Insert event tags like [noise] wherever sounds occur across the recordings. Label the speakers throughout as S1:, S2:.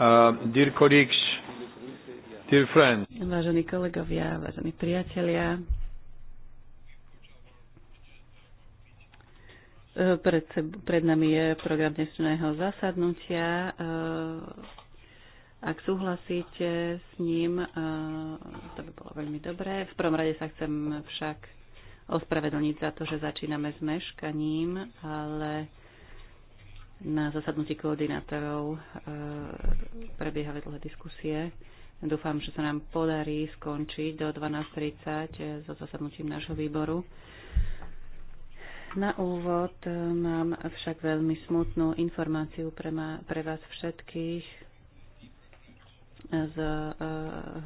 S1: Uh, dear colleagues, dear friends.
S2: Vážení kolegovia, vážení priatelia, uh, pred, pred nami je program dnešného zasadnutia. Uh, ak súhlasíte s ním, uh, to by bolo veľmi dobré. V prvom rade sa chcem však ospravedlniť za to, že začíname s meškaním, ale na zasadnutí koordinátorov e, prebiehali dlhé diskusie. Dúfam, že sa nám podarí skončiť do 12.30 e, so zasadnutím nášho výboru. Na úvod e, mám však veľmi smutnú informáciu pre, ma, pre vás všetkých s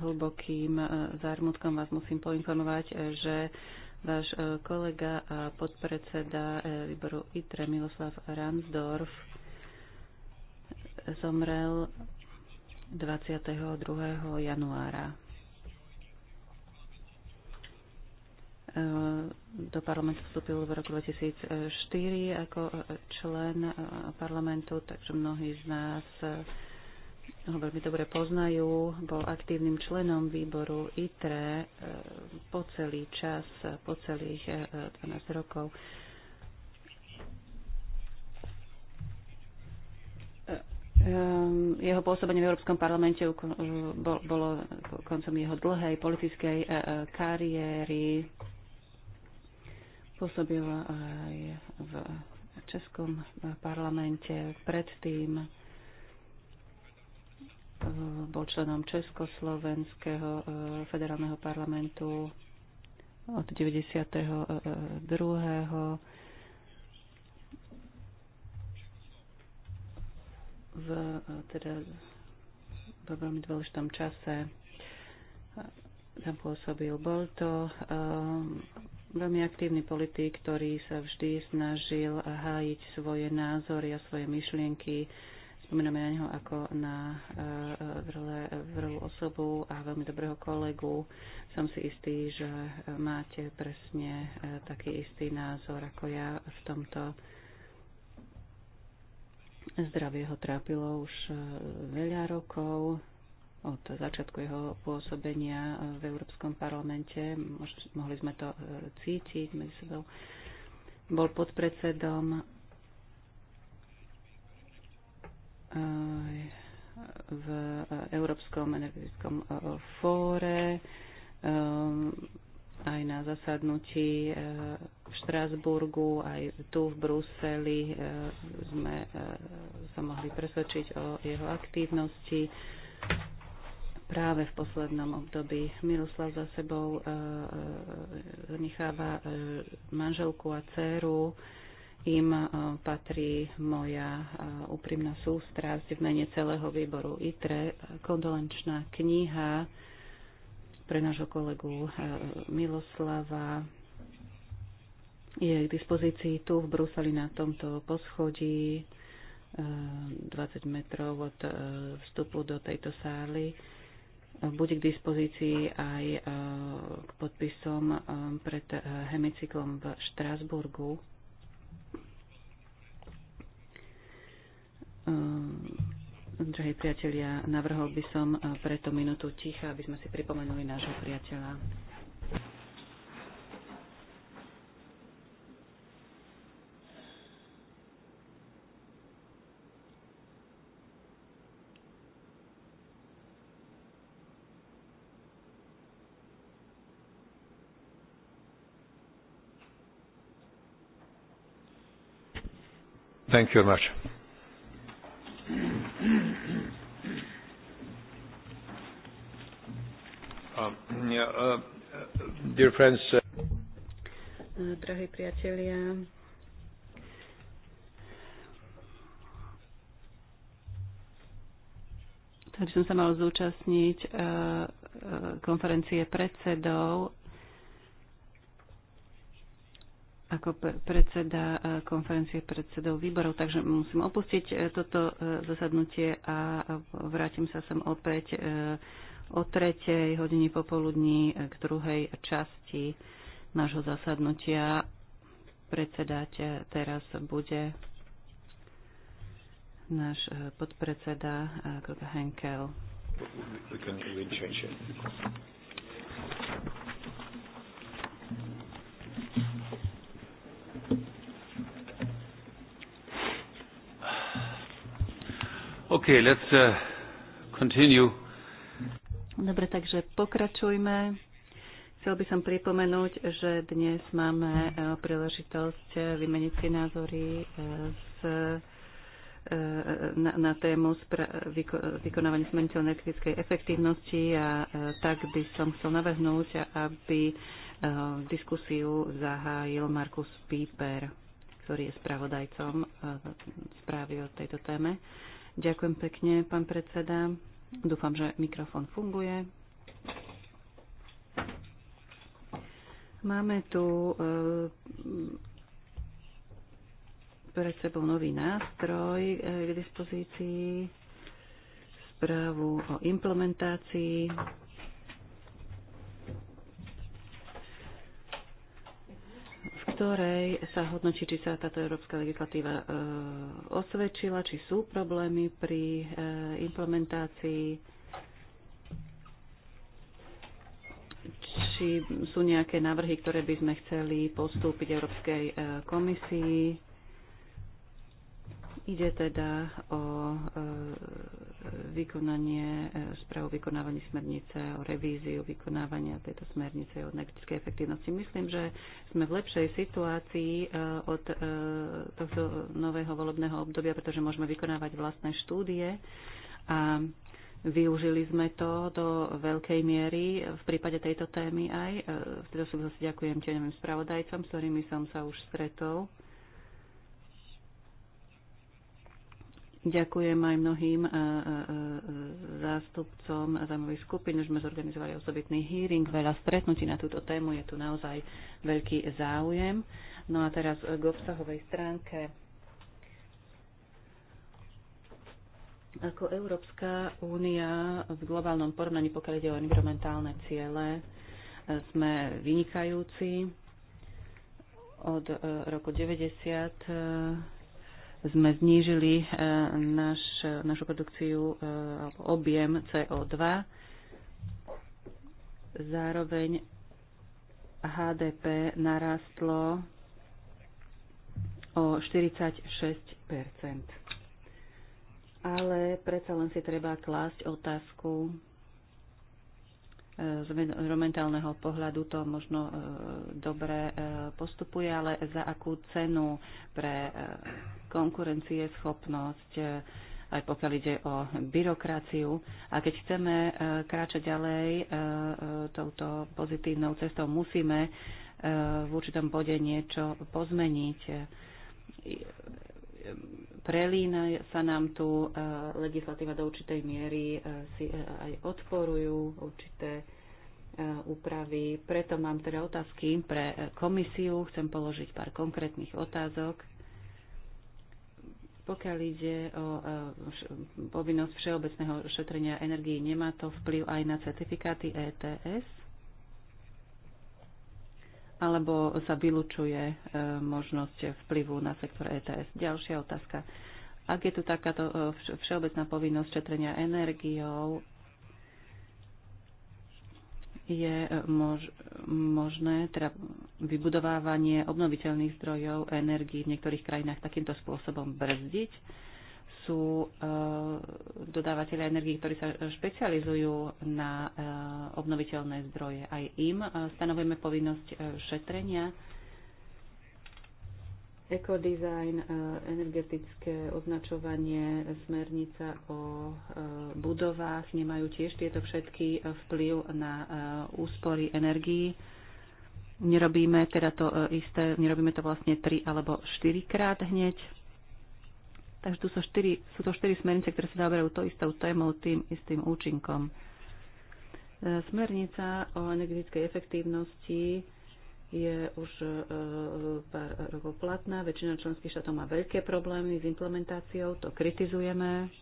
S2: hlbokým zármutkom vás musím poinformovať, že Váš e, kolega a podpredseda e, výboru ITRE Miloslav Ransdorf zomrel 22. januára. E, do parlamentu vstúpil v roku 2004 ako člen parlamentu, takže mnohí z nás ho veľmi dobre poznajú, bol aktívnym členom výboru ITRE e, po celý čas, po celých 12 e, rokov. E, jeho pôsobenie v Európskom parlamente bolo koncom jeho dlhej politickej kariéry. Pôsobil aj v Českom parlamente predtým Eh, bol členom Československého eh, federálneho parlamentu od 92. Eh, v, teda v veľmi dôležitom čase tam pôsobil. Bol to veľmi aktívny politik, ktorý sa vždy snažil hájiť svoje názory a svoje myšlienky Spomíname na neho ako na eh, vrlé, vrlú osobu a veľmi dobrého kolegu. Som si istý, že máte presne eh, taký istý názor ako ja v tomto. Zdravie ho trápilo už eh, veľa rokov, od začiatku jeho pôsobenia v Európskom parlamente. Mohli sme to cítiť medzi sebou. Bol podpredsedom v eh, Európskom energetickom eh, fóre, eh, aj na zasadnutí v Štrásburgu, aj tu v Bruseli sme sa mohli presvedčiť o jeho aktívnosti práve v poslednom období. Miroslav za sebou necháva manželku a dceru, im e, patrí moja e, úprimná sústrasť v mene celého výboru ITRE, kondolenčná kniha pre nášho kolegu e, Miloslava. Je k dispozícii tu v Bruseli na tomto poschodí 20 metrov od vstupu do tejto sály. Bude k dispozícii aj k podpisom pred hemicyklom v Štrásburgu. Ehm, drahí priatelia, navrhol by som eh, preto minútu ticha, aby sme si pripomenuli nášho priateľa.
S1: Thank you very much. Uh, uh, dear friends. Uh,
S2: Drahí priatelia, Takže som sa mal zúčastniť konferencie predsedov ako predseda konferencie predsedov výborov, takže musím opustiť toto zasadnutie a vrátim sa sem opäť o tretej hodine popoludní k druhej časti nášho zasadnutia. Predsedať teraz bude náš eh, podpredseda Kruta eh, Henkel.
S1: Okay, let's uh, continue.
S2: Dobre, takže pokračujme. Chcel by som pripomenúť, že dnes máme e, príležitosť e, vymeniť si názory e, s, na, na tému spra- vyko- vykonávania smernice energetickej efektívnosti a tak by som chcel navrhnúť, aby diskusiu zahájil Markus Píper, ktorý je spravodajcom správy o tejto téme. Ďakujem pekne, pán predseda. Dúfam, že mikrofón funguje. Máme tu eh, pred sebou nový nástroj eh, k dispozícii, správu o implementácii ktorej sa hodnotí, či sa táto európska legislatíva e, osvedčila, či sú problémy pri e, implementácii, či sú nejaké návrhy, ktoré by sme chceli postúpiť Európskej e, komisii Ide teda o e, vykonanie e, správu vykonávaní smernice, o revíziu vykonávania tejto smernice o energetickej efektivnosti. Myslím, že sme v lepšej situácii e, od tohto nového volebného obdobia, pretože môžeme vykonávať vlastné štúdie a využili sme to do veľkej miery v prípade tejto témy aj. V tejto súvislosti ďakujem tieňovým spravodajcom, s ktorými som sa už stretol Ďakujem aj mnohým eh, eh, eh, zástupcom zaujímavých skupín. Už sme zorganizovali osobitný hearing, veľa stretnutí na túto tému. Je tu naozaj veľký záujem. No a teraz k obsahovej stránke. Ako Európska únia v globálnom porovnaní, pokiaľ ide o environmentálne ciele, sme vynikajúci. Od roku 90 sme znížili e, naš, našu produkciu e, alebo objem CO2. Zároveň HDP narastlo o 46 Ale predsa len si treba klásť otázku, z environmentálneho pohľadu to možno e, dobre e, postupuje, ale za akú cenu pre e, konkurencie schopnosť, aj pokiaľ ide o byrokraciu. A keď chceme kráčať ďalej touto pozitívnou cestou, musíme v určitom bode niečo pozmeniť prelína sa nám tu, e, legislatíva do určitej miery e, si e, aj odporujú určité úpravy. Preto mám teda otázky pre komisiu. Chcem položiť pár konkrétnych otázok. Pokiaľ ide o povinnosť všeobecného šetrenia energii, nemá to vplyv aj na certifikáty ETS? alebo sa vylučuje e, možnosť vplyvu na sektor ETS. Ďalšia otázka. Ak je tu takáto e, všeobecná povinnosť šetrenia energiou, je e, mož, možné teda vybudovávanie obnoviteľných zdrojov energií v niektorých krajinách takýmto spôsobom brzdiť sú e, dodávateľe energii, ktorí sa špecializujú na e, obnoviteľné zdroje. Aj im e, stanovujeme povinnosť šetrenia. Ekodizajn, energetické označovanie, smernica o budovách nemajú tiež tieto všetky vplyv na úspory energii. Nerobíme teda to isté, nerobíme to vlastne tri alebo štyrikrát hneď. Takže tu sú, štyri, sú to štyri smernice, ktoré sa zaoberajú to istou témou, tým istým účinkom. E, smernica o energetickej efektívnosti je už e, pár rokov platná. Väčšina členských štátov má veľké problémy s implementáciou, to kritizujeme,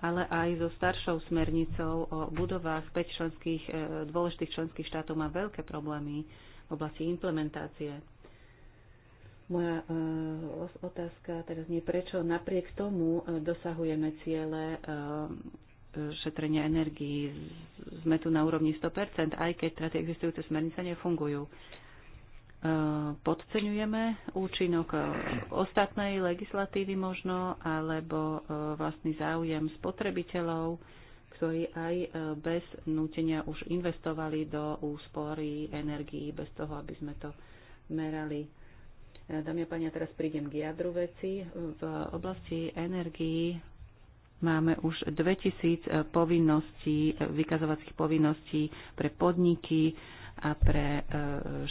S2: ale aj so staršou smernicou o budovách 5 členských, e, dôležitých členských štátov má veľké problémy v oblasti implementácie. Moja e, otázka teraz nie, prečo napriek tomu e, dosahujeme ciele e, šetrenia energií. Sme tu na úrovni 100%, aj keď teda tie existujúce smernice nefungujú. Podceňujeme účinok ostatnej legislatívy možno, alebo vlastný záujem spotrebiteľov, ktorí aj bez nútenia už investovali do úspory energií, bez toho, aby sme to merali Dámy a páni, ja teraz prídem k jadru veci. V oblasti energií máme už 2000 povinností, vykazovacích povinností pre podniky a pre e,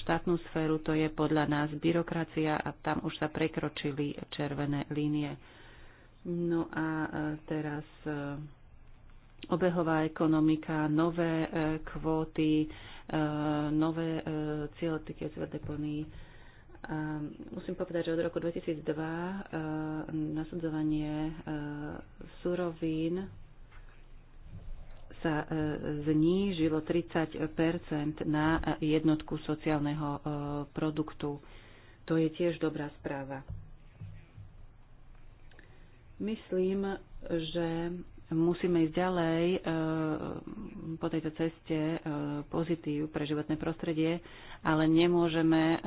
S2: štátnu sféru. To je podľa nás byrokracia a tam už sa prekročili červené línie. No a e, teraz e, obehová ekonomika, nové kvóty, nové cieľe týkajú depony Musím povedať, že od roku 2002 e, nasadzovanie e, surovín sa e, znížilo 30 na jednotku sociálneho produktu. To je tiež dobrá správa. Myslím, že musíme ísť ďalej e, po tejto ceste e, pozitív pre životné prostredie, ale nemôžeme e,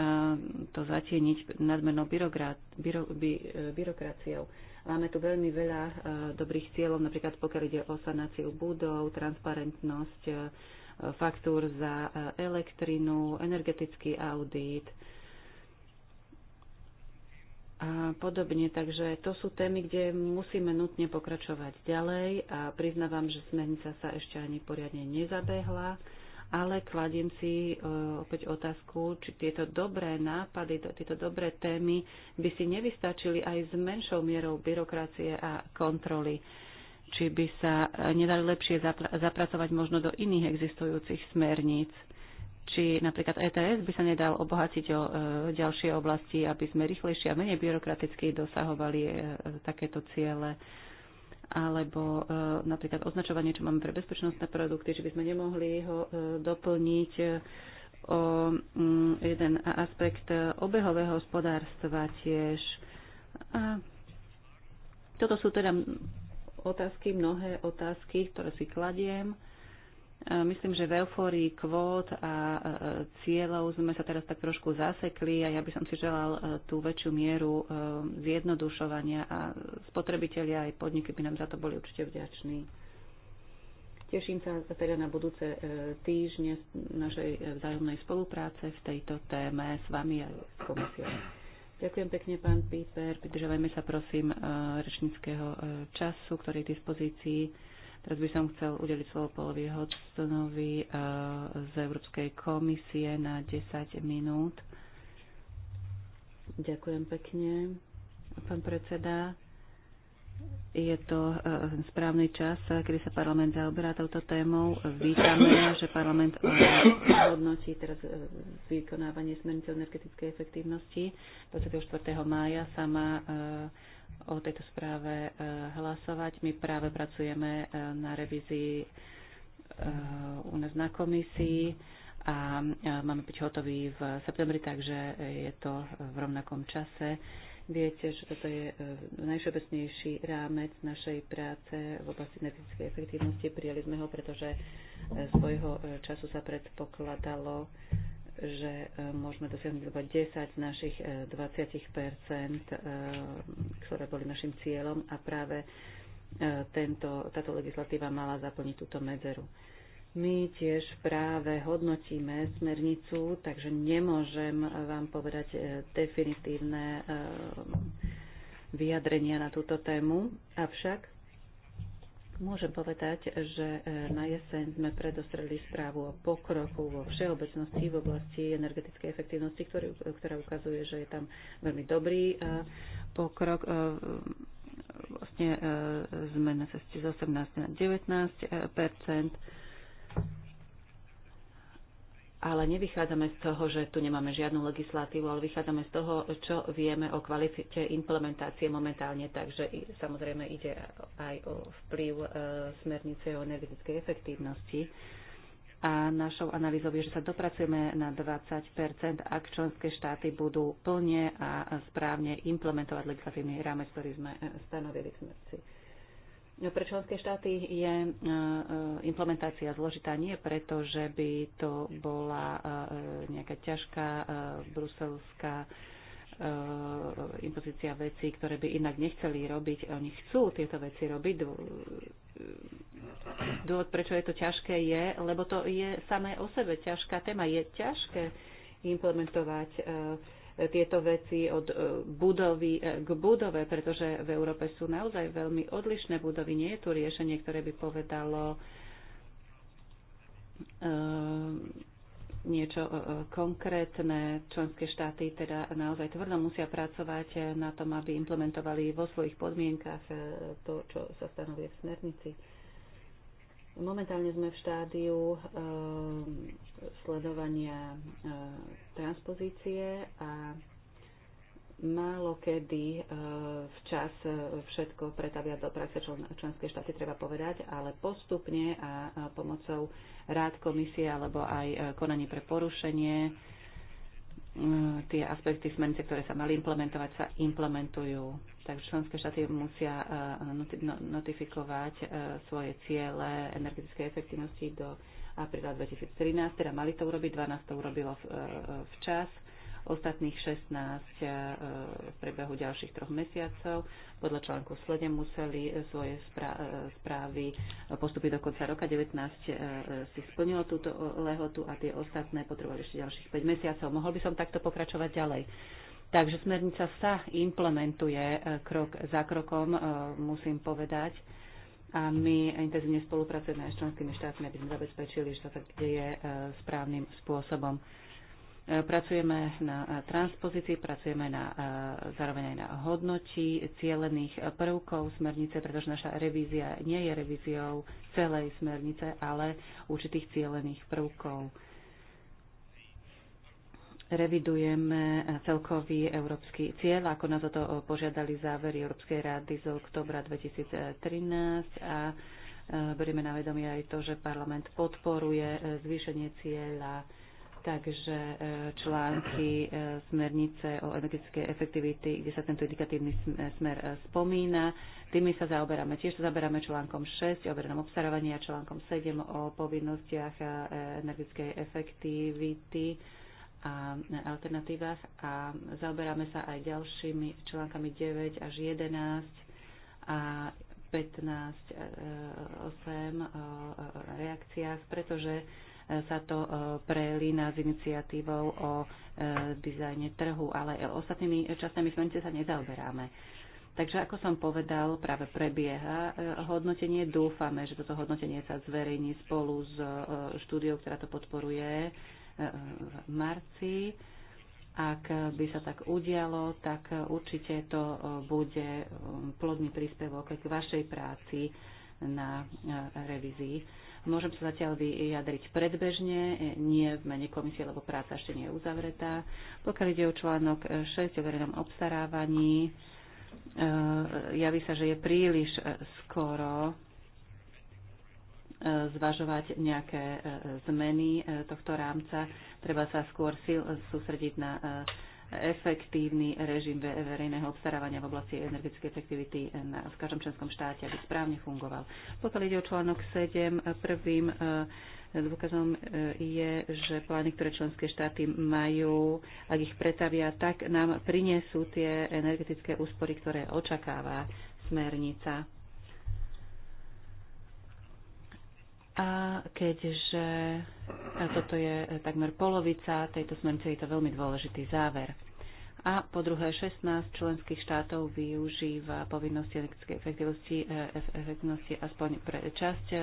S2: to zatieniť nadmernou byrokraciou. Máme tu veľmi veľa dobrých cieľov, napríklad pokiaľ ide o sanáciu budov, transparentnosť faktúr za elektrinu, energetický audit, a podobne. Takže to sú témy, kde musíme nutne pokračovať ďalej a priznávam, že smernica sa ešte ani poriadne nezabehla, ale kladiem si e, opäť otázku, či tieto dobré nápady, tieto dobré témy by si nevystačili aj s menšou mierou byrokracie a kontroly či by sa e, nedali lepšie zapracovať možno do iných existujúcich smerníc či napríklad ETS by sa nedal obohatiť o e, ďalšie oblasti, aby sme rýchlejšie a menej byrokraticky dosahovali e, takéto ciele alebo e, napríklad označovanie, čo máme pre bezpečnostné produkty, či by sme nemohli ho e, doplniť e, o mm, jeden aspekt e, obehového hospodárstva tiež. A toto sú teda otázky, mnohé otázky, ktoré si kladiem E, myslím, že v eufórii kvót a e, cieľov sme sa teraz tak trošku zasekli a ja by som si želal e, tú väčšiu mieru zjednodušovania a spotrebitelia aj podniky by nám za to boli určite vďační. Teším sa teda na budúce týždne našej vzájomnej spolupráce v tejto téme s vami a s komisiou. Ďakujem pekne, pán Píper. Pridržavajme sa prosím rečníckého času, ktorý je k dispozícii. Teraz by som chcel udeliť slovo Polovi Hodstonovi eh, z Európskej komisie na 10 minút. Ďakujem pekne, pán predseda. Je to eh, správny čas, kedy sa parlament zaoberá touto témou. Vítame, že parlament hodnotí teraz eh, vykonávanie smernice energetickej efektívnosti 24. mája sama o tejto správe e, hlasovať. My práve pracujeme e, na revízii e, u nás na komisii a máme byť hotoví v septembri, takže je to v rovnakom čase. Viete, že toto je najšobecnejší rámec našej práce v oblasti energetickej efektívnosti. Prijali sme ho, pretože svojho času sa predpokladalo, že e, môžeme dosiahnuť zhruba 10 z našich 20 e, e, ktoré boli našim cieľom a práve tento, táto legislatíva mala zaplniť túto medzeru. My tiež práve hodnotíme smernicu, takže nemôžem vám povedať definitívne vyjadrenia na túto tému, avšak Môžem povedať, že e, na jeseň sme predostreli správu o pokroku vo všeobecnosti v oblasti energetickej efektivnosti, ktorý, ktorá ukazuje, že je tam veľmi dobrý e, pokrok. E, vlastne sme na ceste z 18 na 19 ale nevychádzame z toho, že tu nemáme žiadnu legislatívu, ale vychádzame z toho, čo vieme o kvalite implementácie momentálne, takže samozrejme ide aj o vplyv e, smernice o energetickej efektívnosti. A našou analýzou je, že sa dopracujeme na 20 ak členské štáty budú plne a správne implementovať legislatívny rámec, ktorý sme e, stanovili v smernici pre členské štáty je e, e, implementácia zložitá nie preto, že by to bola e, nejaká ťažká bruselská impozícia vecí, ktoré by inak nechceli robiť. Oni chcú tieto veci robiť. Dôvod, prečo je to ťažké, je, lebo to je samé o sebe ťažká téma. Je ťažké implementovať uh, tieto veci od e, budovy e, k budove, pretože v Európe sú naozaj veľmi odlišné budovy. Nie je tu riešenie, ktoré by povedalo e, niečo konkrétne. Členské štáty teda naozaj tvrdo musia pracovať na tom, aby implementovali vo svojich podmienkach to, čo sa stanovuje v smernici. Momentálne sme v štádiu eh, sledovania eh, transpozície a málo kedy eh, včas všetko pretavia do praxe členské štáty, treba povedať, ale postupne a pomocou rád komisie alebo aj konaní pre porušenie Mm, tie aspekty smernice, ktoré sa mali implementovať, sa implementujú. Takže členské štáty musia eh, no, notifikovať eh, svoje ciele energetickej efektivnosti do apríla 2013, teda mali to urobiť, 12 to urobilo eh, včas ostatných 16 e, v priebehu ďalších troch mesiacov. Podľa článku 7 museli e, svoje e, správy postupiť do konca roka. 19 si splnilo túto lehotu a tie ostatné potrebovali ešte ďalších 5 mesiacov. Mohol by som takto pokračovať ďalej. Takže smernica sa implementuje krok za krokom, musím povedať a my intenzívne spolupracujeme aj s členskými štátmi, aby sme zabezpečili, že sa tak deje správnym spôsobom. Pracujeme na transpozícii, pracujeme na, e, zároveň aj na hodnoti cielených prvkov smernice, pretože naša revízia nie je revíziou celej smernice, ale určitých cielených prvkov. Revidujeme celkový európsky cieľ, ako nás o to požiadali závery Európskej rady z oktobra 2013 a e, berieme na vedomie aj to, že parlament podporuje e, zvýšenie cieľa Takže e, články e, smernice o energetickej efektivity, kde sa tento indikatívny e, smer spomína, tými sa zaoberáme. Tiež sa zaoberáme článkom 6 o verejnom obstarávaní a článkom 7 o povinnostiach energetickej efektivity a alternatívach a zaoberáme sa aj ďalšími článkami 9 až 11 a 15, 8 o reakciách, pretože sa to e, prelína s iniciatívou o e, dizajne trhu, ale e, ostatnými časnými smernice sa nezaoberáme. Takže ako som povedal, práve prebieha hodnotenie. Dúfame, že toto hodnotenie sa zverejní spolu s štúdiou, ktorá to podporuje v marci. Ak by sa tak udialo, tak určite to bude plodný príspevok k vašej práci na revízii. Môžem sa zatiaľ vyjadriť predbežne, nie v mene komisie, lebo práca ešte nie je uzavretá. Pokiaľ ide o článok 6 o verejnom obstarávaní, eh, javí sa, že je príliš eh, skoro eh, zvažovať nejaké zmeny tohto rámca. Treba sa skôr sústrediť na efektívny režim verejného obstarávania v oblasti energetickej efektivity v každom členskom štáte, aby správne fungoval. Pokiaľ ide o článok 7, prvým e, dôkazom e, je, že plány, ktoré členské štáty majú, ak ich pretavia, tak nám prinesú tie energetické úspory, ktoré očakáva smernica. A keďže e, toto je e, takmer polovica tejto smernice, je to veľmi dôležitý záver. A po druhé, 16 členských štátov využíva povinnosti elektrickej efektivnosti, efektivnosti aspoň pre časť e,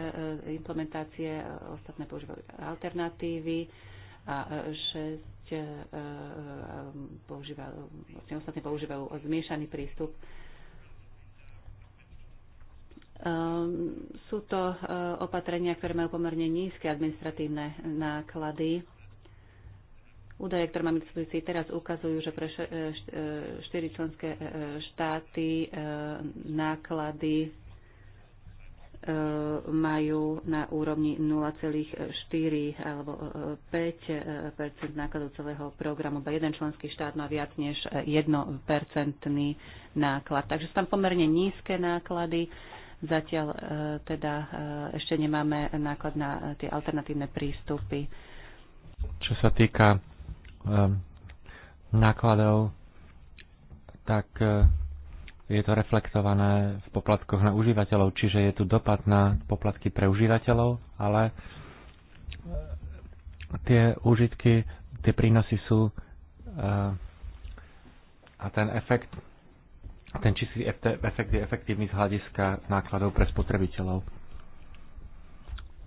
S2: implementácie, ostatné používajú alternatívy a 6 používajú, vlastne ostatné používajú zmiešaný prístup Um, sú to uh, opatrenia, ktoré majú pomerne nízke administratívne náklady. Údaje, ktoré máme k dispozícii teraz, ukazujú, že pre eh, eh, štyri členské štáty náklady majú na úrovni 0,4 alebo 5 nákladov celého programu, iba jeden členský štát má viac než 1 náklad. Takže sú tam pomerne nízke náklady Zatiaľ e, teda e, ešte nemáme náklad na e, tie alternatívne prístupy.
S3: Čo sa týka nákladov, tak je to reflektované v poplatkoch na užívateľov, čiže je tu dopad na poplatky pre užívateľov, ale tie užitky, tie prínosy sú a ten efekt ten čistý efekt je efektívny z hľadiska nákladov pre spotrebiteľov.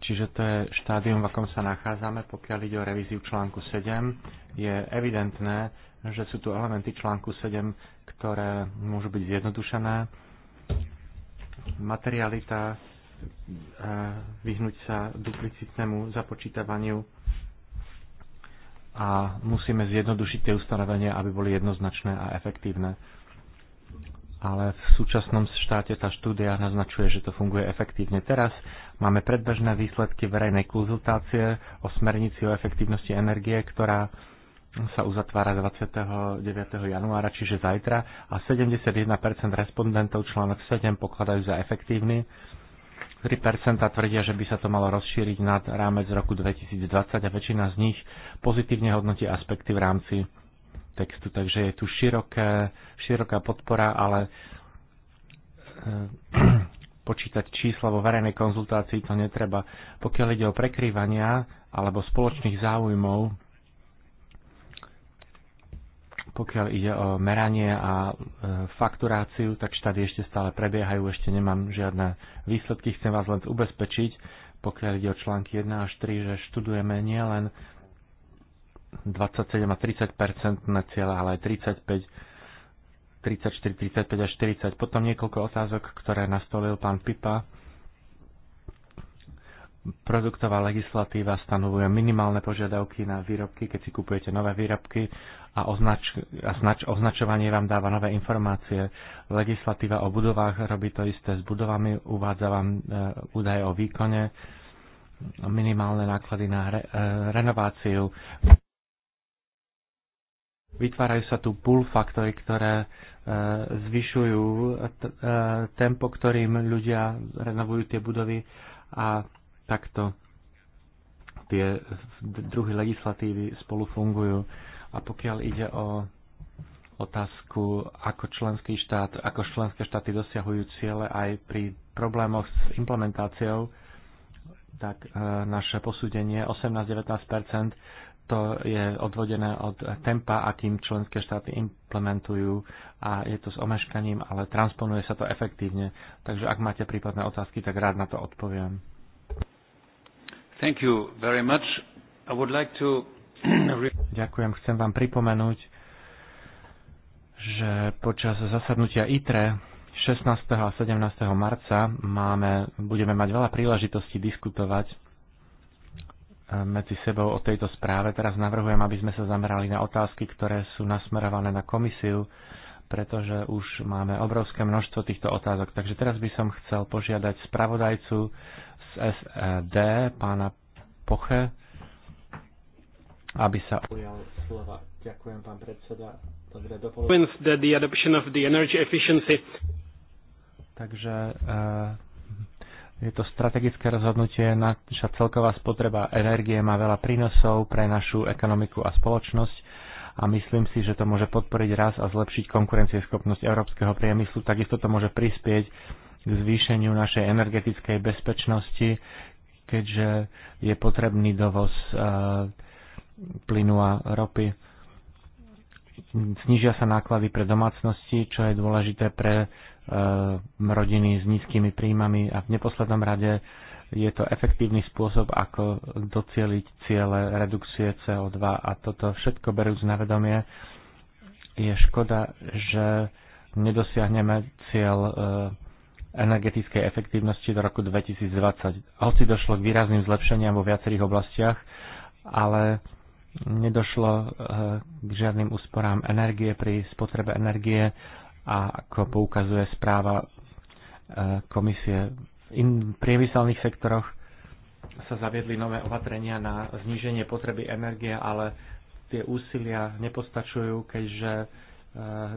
S3: Čiže to je štádium, v akom sa nachádzame. Pokiaľ ide o revíziu článku 7, je evidentné, že sú tu elementy článku 7, ktoré môžu byť zjednodušené. Materialita, e, vyhnúť sa duplicitnému započítavaniu a musíme zjednodušiť tie ustanovenia, aby boli jednoznačné a efektívne ale v súčasnom štáte tá štúdia naznačuje, že to funguje efektívne. Teraz máme predbežné výsledky verejnej konzultácie o smernici o efektívnosti energie, ktorá sa uzatvára 29. januára, čiže zajtra, a 71% respondentov článok 7 pokladajú za efektívny. 3% tvrdia, že by sa to malo rozšíriť nad rámec roku 2020 a väčšina z nich pozitívne hodnotí aspekty v rámci textu, takže je tu široké, široká podpora, ale eh, [clears throat] počítať čísla vo verejnej konzultácii to netreba. Pokiaľ ide o prekrývania alebo spoločných záujmov, pokiaľ ide o meranie a eh, fakturáciu, tak štády ešte stále prebiehajú, ešte nemám žiadne výsledky, chcem vás len ubezpečiť, pokiaľ ide o články 1 až 3, že študujeme nielen 27 a 30 na cieľa, ale aj 35, 34, 35 a 40. Potom niekoľko otázok, ktoré nastolil pán Pipa. Produktová legislatíva stanovuje minimálne požiadavky na výrobky, keď si kupujete nové výrobky a, označ, a znač, označovanie vám dáva nové informácie. Legislatíva o budovách robí to isté s budovami, uvádza vám e, údaje o výkone minimálne náklady na re, e, renováciu. Vytvárajú sa tu pull faktory, ktoré e, zvyšujú e, e, tempo, ktorým ľudia renovujú tie budovy a takto tie druhy legislatívy spolu fungujú. A pokiaľ ide o otázku, ako, členský štát, ako členské štáty dosiahujú ciele aj pri problémoch s implementáciou, tak naše posúdenie 18-19 to je odvodené od tempa, akým členské štáty implementujú a je to s omeškaním, ale transponuje sa to efektívne. Takže ak máte prípadné otázky, tak rád na to odpoviem.
S1: Thank you very much. I would like to...
S3: [clears throat] Ďakujem. Chcem vám pripomenúť, že počas zasadnutia ITRE 16. a 17. marca máme, budeme mať veľa príležitostí diskutovať medzi sebou o tejto správe. Teraz navrhujem, aby sme sa zamerali na otázky, ktoré sú nasmerované na komisiu, pretože už máme obrovské množstvo týchto otázok. Takže teraz by som chcel požiadať spravodajcu z SED, pána Poche, aby sa ujal slova. Ďakujem, pán predseda. Dobre, dopoludne. Takže eh, je to strategické rozhodnutie, naša celková spotreba energie má veľa prínosov pre našu ekonomiku a spoločnosť a myslím si, že to môže podporiť raz a zlepšiť konkurencieschopnosť európskeho priemyslu. Takisto to môže prispieť k zvýšeniu našej energetickej bezpečnosti, keďže je potrebný dovoz eh, plynu a ropy. Snižia sa náklady pre domácnosti, čo je dôležité pre E, rodiny s nízkymi príjmami a v neposlednom rade je to efektívny spôsob, ako docieliť ciele redukcie CO2 a toto všetko berúc na vedomie je škoda, že nedosiahneme cieľ e, energetickej efektívnosti do roku 2020. Hoci došlo k výrazným zlepšeniam vo viacerých oblastiach, ale nedošlo e, k žiadnym úsporám energie pri spotrebe energie a ako poukazuje správa e, komisie, v in, priemyselných sektoroch sa zaviedli nové opatrenia na zníženie potreby energie, ale tie úsilia nepostačujú, keďže e,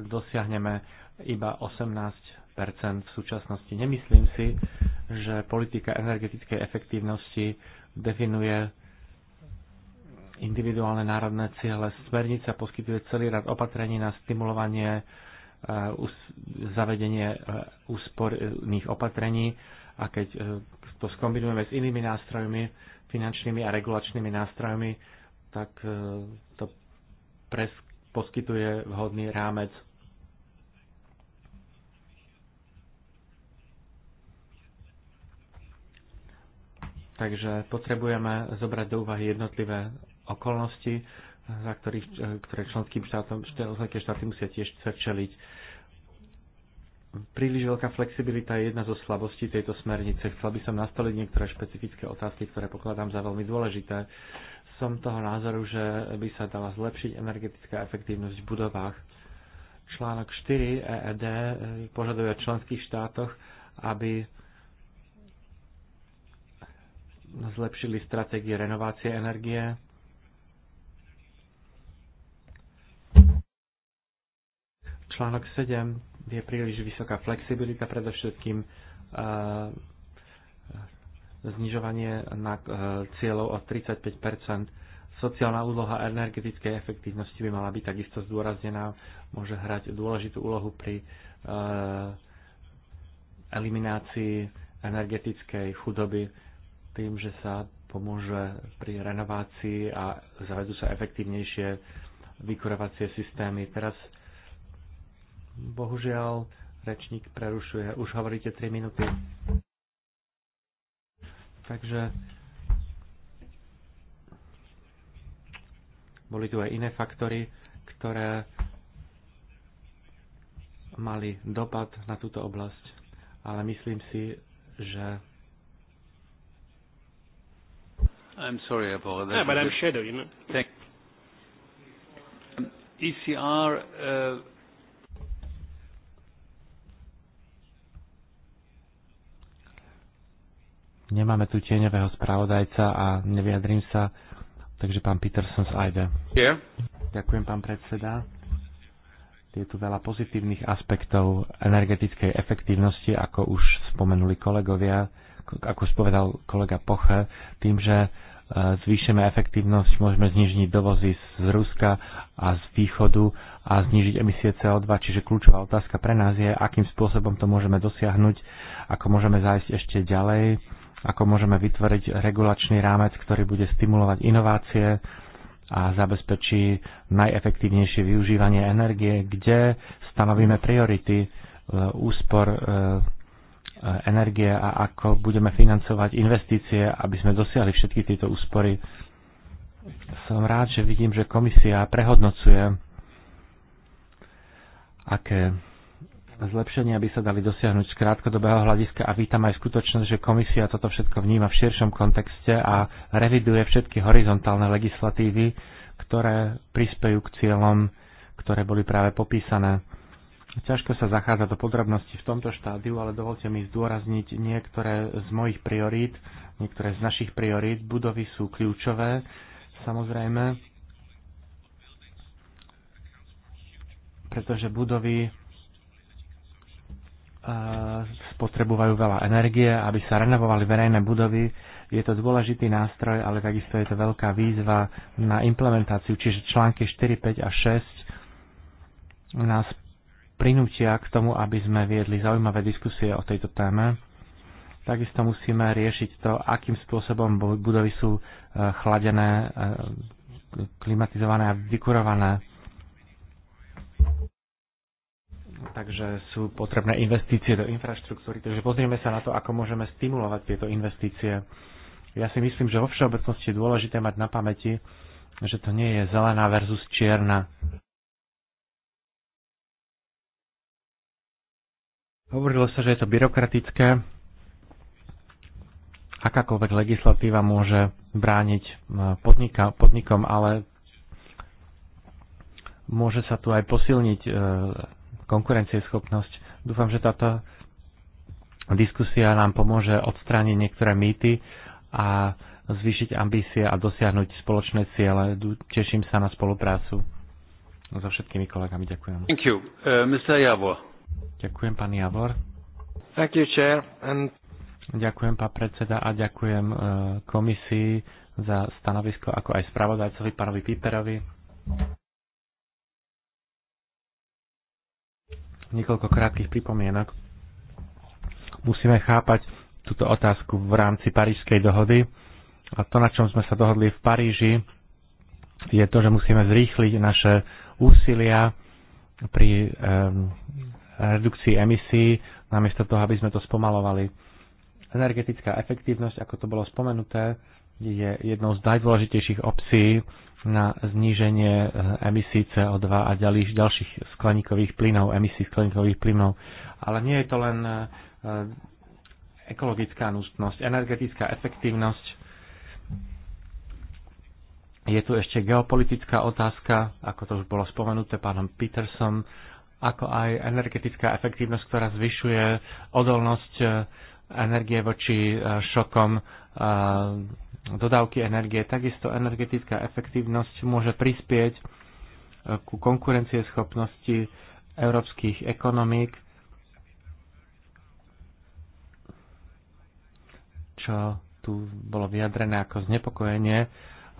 S3: dosiahneme iba 18 v súčasnosti. Nemyslím si, že politika energetickej efektívnosti definuje individuálne národné ciele. Smernica poskytuje celý rad opatrení na stimulovanie zavedenie e, úsporných opatrení a keď e, to skombinujeme s inými nástrojmi, finančnými a regulačnými nástrojmi, tak e, to pres poskytuje vhodný rámec. Takže potrebujeme zobrať do úvahy jednotlivé okolnosti za ktorých, e, ktoré členským štátom, členské štáty musia tiež čeliť. Príliš veľká flexibilita je jedna zo slabostí tejto smernice. Chcel by som nastoliť niektoré špecifické otázky, ktoré pokladám za veľmi dôležité. Som toho názoru, že by sa dala zlepšiť energetická efektívnosť v budovách. Článok 4 EED e, požaduje členských štátoch, aby zlepšili stratégie renovácie energie Článok 7 je príliš vysoká flexibilita, predovšetkým e, znižovanie na e, cieľov o 35 Sociálna úloha energetickej efektívnosti by mala byť takisto zdôraznená, môže hrať dôležitú úlohu pri e, eliminácii energetickej chudoby tým, že sa pomôže pri renovácii a zavedú sa efektívnejšie vykurovacie systémy. Teraz Bohužiaľ, rečník prerušuje. Už hovoríte 3 minúty. Takže boli tu aj iné faktory, ktoré mali dopad na túto oblasť, ale myslím si, že
S1: I'm sorry about that. Yeah, but I'm shadow, you know. Thank um, ECR uh,
S3: Nemáme tu tieňového spravodajca a nevyjadrím sa, takže pán Peterson z AIDE. Yeah. Ďakujem, pán predseda. Je tu veľa pozitívnych aspektov energetickej efektívnosti, ako už spomenuli kolegovia, ako už povedal kolega Poche, tým, že e, zvýšime efektívnosť, môžeme znižiť dovozy z Ruska a z východu a znižiť emisie CO2. Čiže kľúčová otázka pre nás je, akým spôsobom to môžeme dosiahnuť, ako môžeme zájsť ešte ďalej ako môžeme vytvoriť regulačný rámec, ktorý bude stimulovať inovácie a zabezpečí najefektívnejšie využívanie energie, kde stanovíme priority e, úspor e, energie a ako budeme financovať investície, aby sme dosiahli všetky tieto úspory. Som rád, že vidím, že komisia prehodnocuje, aké zlepšenia by sa dali dosiahnuť z krátkodobého hľadiska a vítam aj skutočnosť, že komisia toto všetko vníma v širšom kontexte a reviduje všetky horizontálne legislatívy, ktoré prispejú k cieľom, ktoré boli práve popísané. Ťažko sa zachádza do podrobností v tomto štádiu, ale dovolte mi zdôrazniť niektoré z mojich priorít, niektoré z našich priorít. Budovy sú kľúčové, samozrejme, pretože budovy E, spotrebujú veľa energie, aby sa renovovali verejné budovy. Je to dôležitý nástroj, ale takisto je to veľká výzva na implementáciu, čiže články 4, 5 a 6 nás prinútia k tomu, aby sme viedli zaujímavé diskusie o tejto téme. Takisto musíme riešiť to, akým spôsobom budovy sú e, chladené, e, klimatizované a vykurované takže sú potrebné investície do infraštruktúry. Takže pozrieme sa na to, ako môžeme stimulovať tieto investície. Ja si myslím, že vo všeobecnosti je dôležité mať na pamäti, že to nie je zelená versus čierna. Hovorilo sa, že je to byrokratické. Akákoľvek legislatíva môže brániť e, podnika, podnikom, ale môže sa tu aj posilniť e, konkurencieschopnosť. Dúfam, že táto diskusia nám pomôže odstrániť niektoré mýty a zvýšiť ambície a dosiahnuť spoločné ciele. Teším sa na spoluprácu so všetkými kolegami. Ďakujem.
S1: Thank you. Uh, Mr. Javor.
S3: Ďakujem, pán Javor. Thank you, chair. And... Ďakujem, pán predseda, a ďakujem uh, komisii za stanovisko, ako aj spravodajcovi, pánovi Piperovi. Niekoľko krátkých pripomienok. Musíme chápať túto otázku v rámci Parížskej dohody. A to, na čom sme sa dohodli v Paríži, je to, že musíme zrýchliť naše úsilia pri um, redukcii emisí, namiesto toho, aby sme to spomalovali. Energetická efektívnosť, ako to bolo spomenuté, je jednou z najdôležitejších opcií na zníženie e, emisí CO2 a ďalších skleníkových plynov, emisí skleníkových plynov. Ale nie je to len e, ekologická nutnosť, energetická efektívnosť. Je tu ešte geopolitická otázka, ako to už bolo spomenuté pánom Peterson, ako aj energetická efektívnosť, ktorá zvyšuje odolnosť e, energie voči šokom dodávky energie. Takisto energetická efektívnosť môže prispieť e, ku konkurencieschopnosti európskych ekonomík, čo tu bolo vyjadrené ako znepokojenie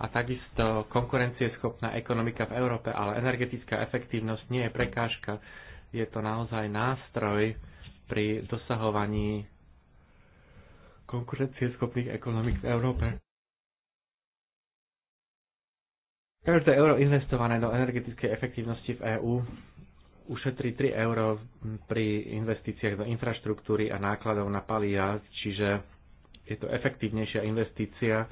S3: a takisto konkurencieschopná ekonomika v Európe, ale energetická efektívnosť nie je prekážka, je to naozaj nástroj pri dosahovaní konkurencieschopných ekonomik v Európe. Každé euro investované do energetickej efektívnosti v EÚ ušetrí 3 euro pri investíciách do infraštruktúry a nákladov na palia, čiže je to efektívnejšia investícia,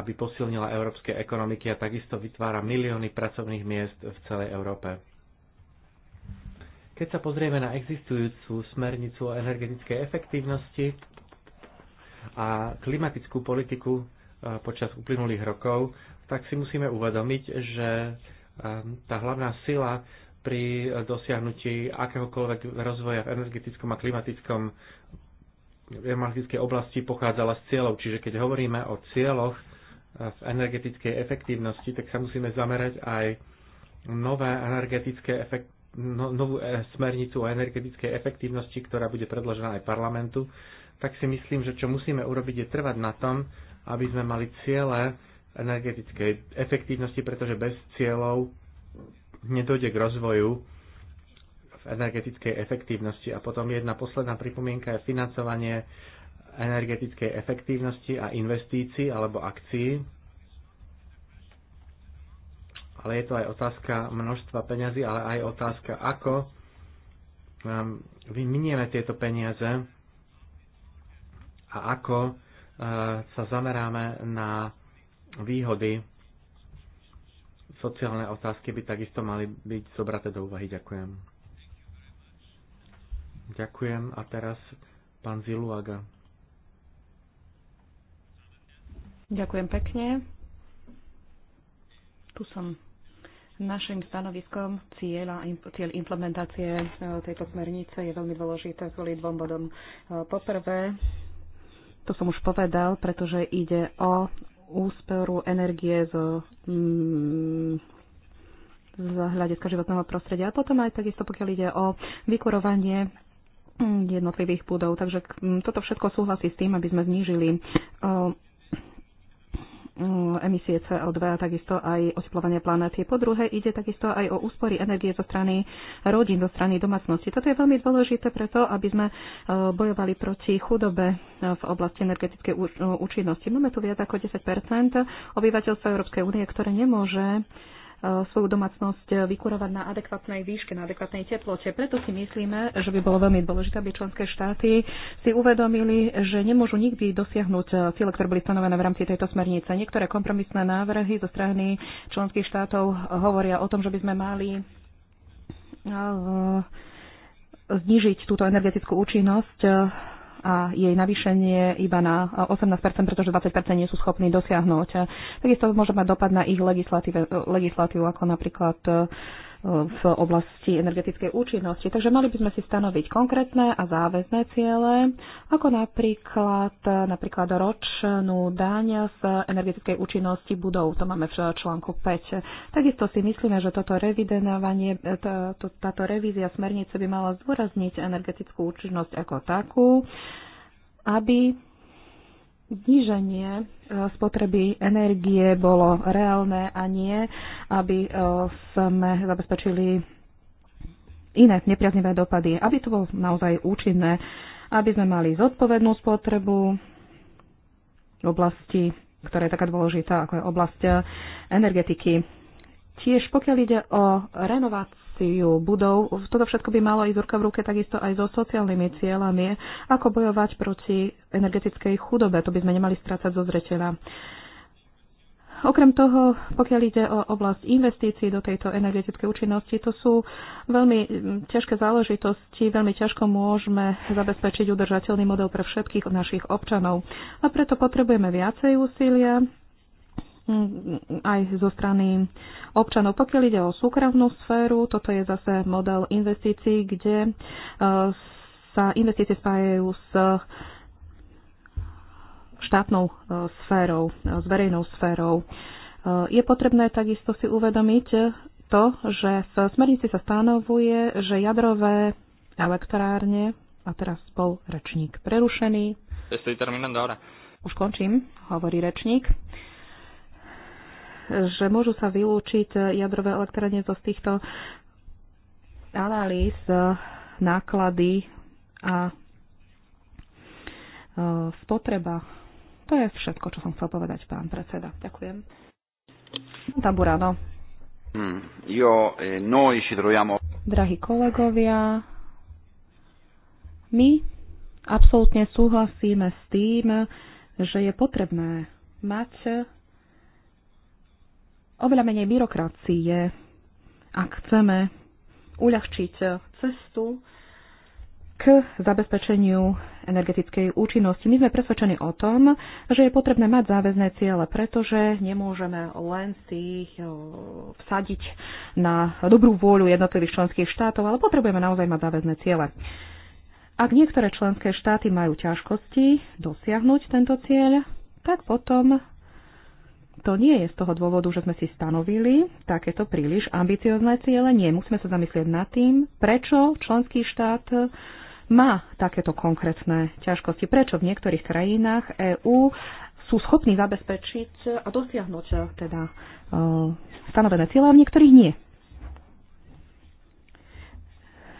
S3: aby posilnila európske ekonomiky a takisto vytvára milióny pracovných miest v celej Európe. Keď sa pozrieme na existujúcu smernicu o energetickej efektívnosti a klimatickú politiku eh, počas uplynulých rokov, tak si musíme uvedomiť, že ehm, tá hlavná sila pri dosiahnutí akéhokoľvek rozvoja v energetickom a klimatickom v energetickej oblasti pochádzala z cieľov. Čiže keď hovoríme o cieľoch eh, v energetickej efektívnosti, tak sa musíme zamerať aj nové energetické efekt, no, novú eh, smernicu o energetickej efektívnosti, ktorá bude predložená aj parlamentu, tak si myslím, že čo musíme urobiť je trvať na tom, aby sme mali ciele, energetickej efektívnosti, pretože bez cieľov nedojde k rozvoju v energetickej efektívnosti. A potom jedna posledná pripomienka je financovanie energetickej efektívnosti a investícií alebo akcií. Ale je to aj otázka množstva peňazí, ale aj otázka, ako um, vyminieme tieto peniaze a ako uh, sa zameráme na výhody. Sociálne otázky by takisto mali byť zobraté do úvahy. Ďakujem. Ďakujem. A teraz pán Ziluaga.
S4: Ďakujem pekne. Tu som Našim stanoviskom cieľa, cieľ implementácie e, tejto smernice je veľmi dôležité kvôli dvom bodom. E, poprvé, to som už povedal, pretože ide o úsporu energie zo, mm, z hľadiska životného prostredia. A potom aj takisto, pokiaľ ide o vykurovanie mm, jednotlivých budov. Takže mm, toto všetko súhlasí s tým, aby sme znížili Mm, emisie CO2 a takisto aj oteplovanie planéty. Po druhé, ide takisto aj o úspory energie zo strany rodín, zo strany domácnosti. Toto je veľmi dôležité preto, aby sme e, bojovali proti chudobe e, v oblasti energetickej e, účinnosti. Máme tu viac ako 10 obyvateľstva Európskej únie, ktoré nemôže E, svoju domácnosť vykurovať na adekvátnej výške, na adekvátnej teplote. Preto si myslíme, že by bolo veľmi dôležité, aby členské štáty si uvedomili, že nemôžu nikdy dosiahnuť ciele, ktoré boli stanovené v rámci tejto smernice. Niektoré kompromisné návrhy zo strany členských štátov hovoria o tom, že by sme mali e, znižiť túto energetickú účinnosť a jej navýšenie iba na 18%, pretože 20% nie sú schopní dosiahnuť. Takisto môže mať dopad na ich legislatívu, ako napríklad v oblasti energetickej účinnosti. Takže mali by sme si stanoviť konkrétne a záväzné ciele, ako napríklad, napríklad ročnú daň z energetickej účinnosti budov. To máme v článku 5. Takisto si myslíme, že toto revidenovanie, táto, táto revízia smernice by mala zdôrazniť energetickú účinnosť ako takú, aby zníženie e, spotreby energie bolo reálne a nie, aby e, sme zabezpečili iné nepriaznivé dopady, aby to bolo naozaj účinné, aby sme mali zodpovednú spotrebu v oblasti, ktorá je taká dôležitá, ako je oblasť e, energetiky. Tiež pokiaľ ide o renováciu, renováciu budov. Toto všetko by malo ísť ruka v ruke takisto aj so sociálnymi cieľami, ako bojovať proti energetickej chudobe. To by sme nemali strácať zo zreteľa. Okrem toho, pokiaľ ide o oblasť investícií do tejto energetickej účinnosti, to sú veľmi ťažké záležitosti, veľmi ťažko môžeme zabezpečiť udržateľný model pre všetkých našich občanov. A preto potrebujeme viacej úsilia Mm, aj zo strany občanov. Pokiaľ ide o súkromnú sféru, toto je zase model investícií, kde e, sa investície spájajú s štátnou e, sférou, e, s verejnou sférou. Je potrebné takisto si uvedomiť to, že v smernici sa stanovuje, že jadrové elektrárne, a teraz bol rečník prerušený. Už končím, hovorí rečník že môžu sa vylúčiť jadrové elektrárne zo z týchto analýz e, náklady a e, spotreba. To je všetko, čo som chcel povedať, pán predseda. Ďakujem. Taburano.
S1: jo, hmm, e, no, ešte trojamo.
S4: Drahí kolegovia, my absolútne súhlasíme s tým, že je potrebné mať oveľa menej byrokracie, ak chceme uľahčiť cestu k zabezpečeniu energetickej účinnosti. My sme presvedčení o tom, že je potrebné mať záväzné ciele, pretože nemôžeme len si ich vsadiť na dobrú vôľu jednotlivých členských štátov, ale potrebujeme naozaj mať záväzné ciele. Ak niektoré členské štáty majú ťažkosti dosiahnuť tento cieľ, tak potom to nie je z toho dôvodu, že sme si stanovili takéto príliš ambiciozne ciele. Nie, musíme sa zamyslieť nad tým, prečo členský štát má takéto konkrétne ťažkosti. Prečo v niektorých krajinách EÚ sú schopní zabezpečiť a dosiahnuť teda e, stanovené cieľa, a v niektorých nie.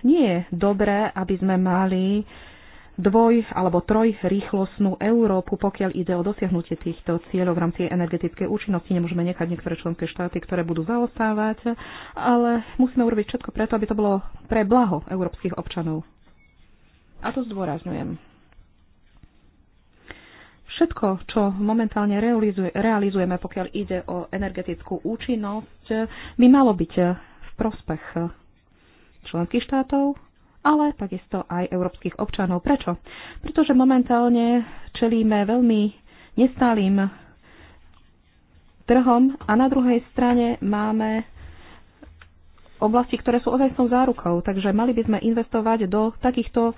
S4: Nie je dobré, aby sme mali dvoj- alebo trojrýchlostnú Európu, pokiaľ ide o dosiahnutie týchto cieľov v rámci energetickej účinnosti. Nemôžeme nechať niektoré členské štáty, ktoré budú zaostávať, ale musíme urobiť všetko preto, aby to bolo pre blaho európskych občanov. A to zdôrazňujem. Všetko, čo momentálne realizujeme, pokiaľ ide o energetickú účinnosť, by malo byť v prospech členských štátov, ale takisto aj európskych občanov. Prečo? Pretože momentálne čelíme veľmi nestálým trhom a na druhej strane máme oblasti, ktoré sú ozajstnou zárukou. Takže mali by sme investovať do takýchto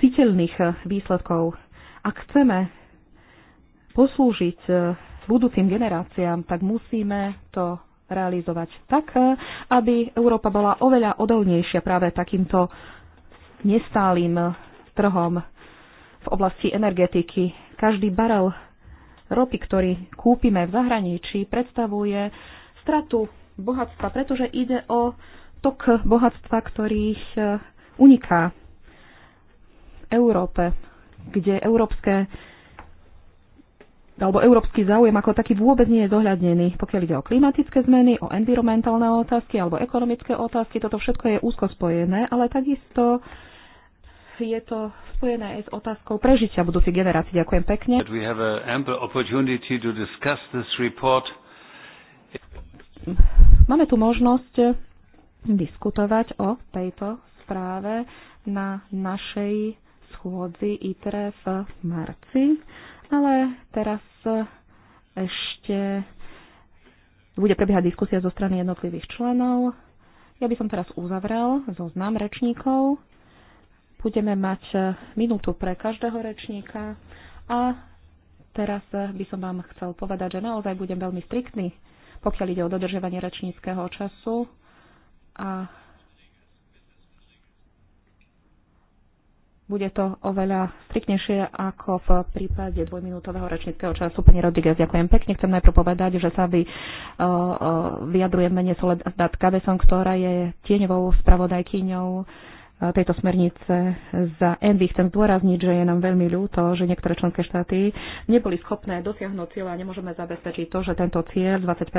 S4: citeľných výsledkov. Ak chceme poslúžiť budúcim generáciám, tak musíme to realizovať tak, e, aby Európa bola oveľa odolnejšia práve takýmto nestálým trhom v oblasti energetiky. Každý barel ropy, ktorý kúpime v zahraničí, predstavuje stratu bohatstva, pretože ide o tok bohatstva, ktorých e, uniká Európe, kde európske alebo európsky záujem ako taký vôbec nie je zohľadnený, pokiaľ ide o klimatické zmeny, o environmentálne otázky alebo ekonomické otázky. Toto všetko je úzko spojené, ale takisto je to spojené aj s otázkou prežitia budúcich generácií. Ďakujem pekne. Máme tu možnosť diskutovať o tejto správe na našej schôdzi ITRE v marci. Ale teraz e, ešte bude prebiehať diskusia zo strany jednotlivých členov. Ja by som teraz uzavrel zoznam rečníkov. Budeme mať e, minútu pre každého rečníka a teraz e, by som vám chcel povedať, že naozaj budem veľmi striktný, pokiaľ ide o dodržovanie rečníckého času a Bude to oveľa striknejšie ako v prípade dvojminútového rečníckého času. Pani Rodriguez, ďakujem pekne. Chcem najprv povedať, že sa vy, uh, uh, vyjadrujem mene Soledad ktorá je tieňovou spravodajkyňou tejto smernice za Envy. Chcem zdôrazniť, že je nám veľmi ľúto, že niektoré členské štáty neboli schopné dosiahnuť cieľ a nemôžeme zabezpečiť to, že tento cieľ 20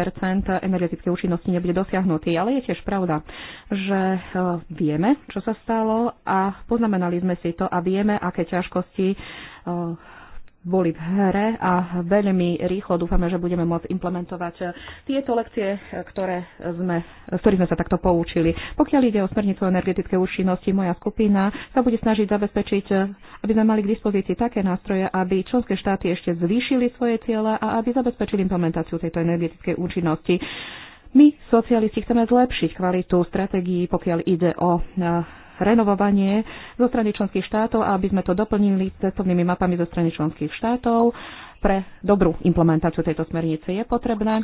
S4: energetickej účinnosti nebude dosiahnutý. Ale je tiež pravda, že e, vieme, čo sa stalo a poznamenali sme si to a vieme, aké ťažkosti e, boli v hre a veľmi rýchlo dúfame, že budeme môcť implementovať eh, tieto lekcie, eh, ktoré sme, eh, ktorých sme sa takto poučili. Pokiaľ ide o smernicu energetické účinnosti, moja skupina sa bude snažiť zabezpečiť, aby sme mali k dispozícii také nástroje, aby členské štáty ešte zvýšili svoje ciele a aby zabezpečili implementáciu tejto energetickej účinnosti. My, socialisti, chceme zlepšiť kvalitu stratégií, pokiaľ ide o renovovanie zo strany členských štátov a aby sme to doplnili cestovnými mapami zo strany členských štátov. Pre dobrú implementáciu tejto smernice je potrebné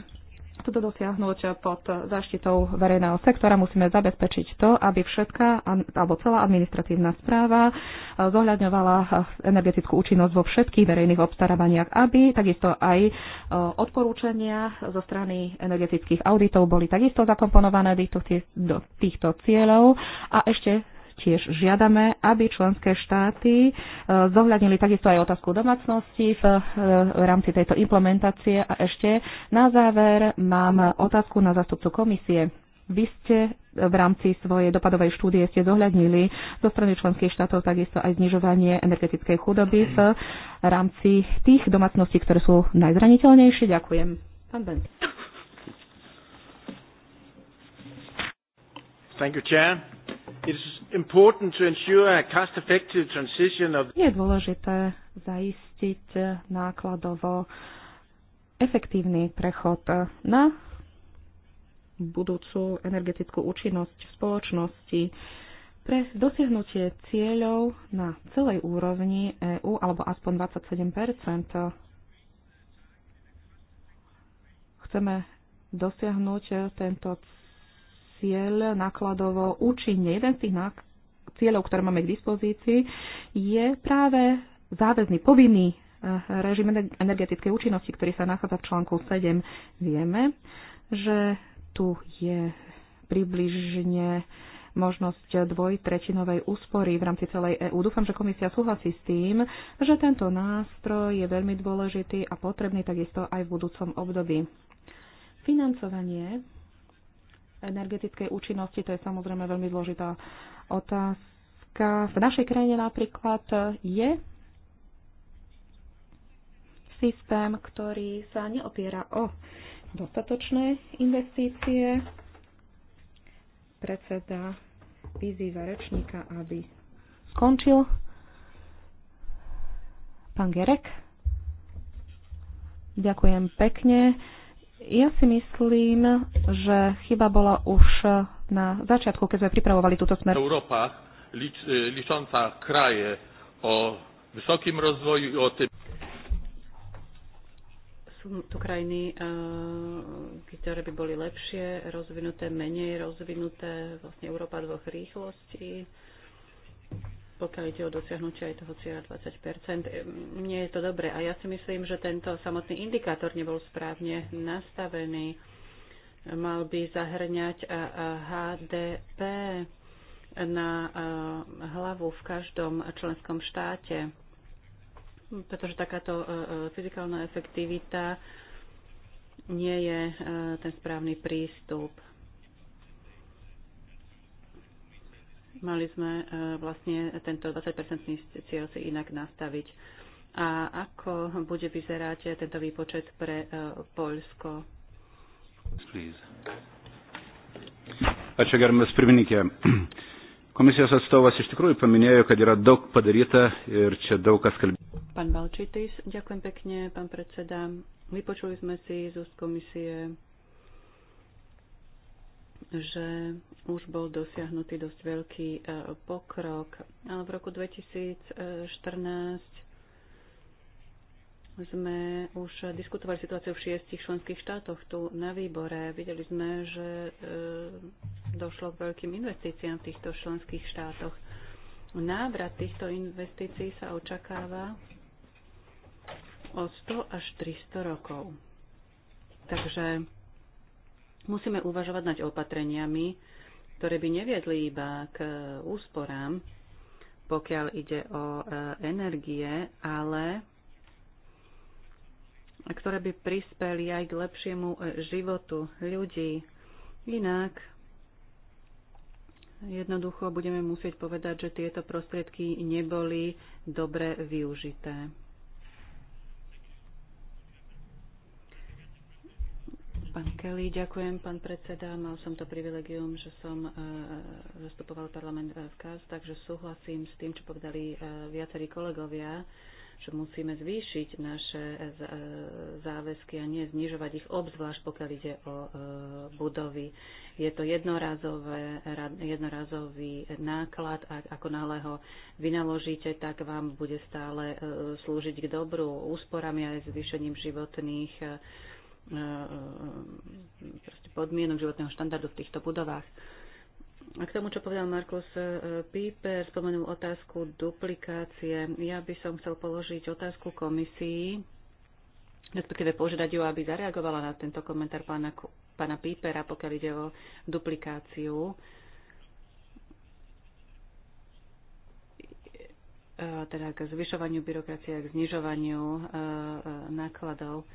S4: toto dosiahnuť pod záštitou verejného sektora, musíme zabezpečiť to, aby všetká alebo celá administratívna správa eh, zohľadňovala eh, energetickú účinnosť vo všetkých verejných obstarávaniach, aby takisto aj eh, odporúčania zo strany energetických auditov boli takisto zakomponované do týchto cieľov a ešte Tiež žiadame, aby členské štáty e, zohľadnili takisto aj otázku domácnosti e, v rámci tejto implementácie. A ešte na záver mám otázku na zastupcu komisie. Vy ste v rámci svojej dopadovej štúdie ste zohľadnili zo strany členských štátov takisto aj znižovanie energetickej chudoby v rámci tých domácností, ktoré sú najzraniteľnejšie. Ďakujem. Pán Bent.
S3: Thank you, Chair.
S1: Je
S4: dôležité zaistiť nákladovo efektívny prechod na budúcu energetickú účinnosť v spoločnosti pre dosiahnutie cieľov na celej úrovni EÚ alebo aspoň 27 chceme dosiahnuť tento cieľ nákladovo účinne. Jeden z tých cieľov, ktoré máme k dispozícii, je práve záväzný, povinný eh, režim energetickej účinnosti, ktorý sa nachádza v článku 7. Vieme, že tu je približne možnosť dvojtretinovej úspory v rámci celej EÚ. Dúfam, že komisia súhlasí s tým, že tento nástroj je veľmi dôležitý a potrebný takisto aj v budúcom období. Financovanie energetickej účinnosti, to je samozrejme veľmi zložitá otázka. V našej krajine napríklad je systém, ktorý sa neopiera o dostatočné investície. Predseda vyzýva rečníka, aby skončil. Pán Gerek. Ďakujem pekne. Ja si myslím, že chyba bola už na začiatku, keď sme pripravovali túto smer.
S1: Európa, lič, e, ličonca kraje o vysokým rozvoju o tým...
S2: Sú tu krajiny, e, ktoré by boli lepšie rozvinuté, menej rozvinuté, vlastne Európa dvoch rýchlostí pokiaľ ide o dosiahnutie aj toho cieľa 20 e, Nie je to dobré. A ja si myslím, že tento samotný indikátor nebol správne nastavený. Mal by zahrňať e, e, HDP na hlavu v každom členskom štáte, pretože takáto fyzikálna efektivita nie je ten správny prístup. Mali sme e, vlastne tento 20-percentný cieľ si inak nastaviť. A ako bude vyzerať tento výpočet pre e, Poľsko?
S1: Please. Ačiū gerbiamas pirmininkė. Komisijos atstovas iš tikrųjų paminėjo, kad yra daug padaryta ir čia daug kas kalbėjo.
S2: Pan Balčytis, ďakujem pekne, pán predseda. Vypočuli sme si z úst komisie že už bol dosiahnutý dosť veľký e, pokrok, ale v roku 2014 sme už diskutovali situáciu v šiestich členských štátoch tu na výbore. Videli sme, že e, došlo k veľkým investíciám v týchto členských štátoch. Návrat týchto investícií sa očakáva od 100 až 300 rokov. Takže Musíme uvažovať nad opatreniami, ktoré by neviedli iba k úsporám, pokiaľ ide o e, energie, ale ktoré by prispeli aj k lepšiemu e, životu ľudí. Inak jednoducho budeme musieť povedať, že tieto prostriedky neboli dobre využité. Pán Kelly, ďakujem, pán predseda. Mal som to privilegium, že som e, e, zastupoval parlament e, v KAS, takže súhlasím s tým, čo povedali viacerí kolegovia, že musíme zvýšiť naše záväzky a nie znižovať ich, obzvlášť pokiaľ ide o budovy. Je to jednorázové, jednorazový náklad a ako náhle ho vynaložíte, tak vám bude stále slúžiť k dobru úsporami aj zvýšením životných E, e, podmienok životného štandardu v týchto budovách. A k tomu, čo povedal Markus e, Píper, spomenul otázku duplikácie. Ja by som chcel položiť otázku komisii, respektíve požiadať ju, aby zareagovala na tento komentár pána, pána Pípera, pokiaľ ide o duplikáciu. teda k zvyšovaniu byrokracie a k znižovaniu nákladov.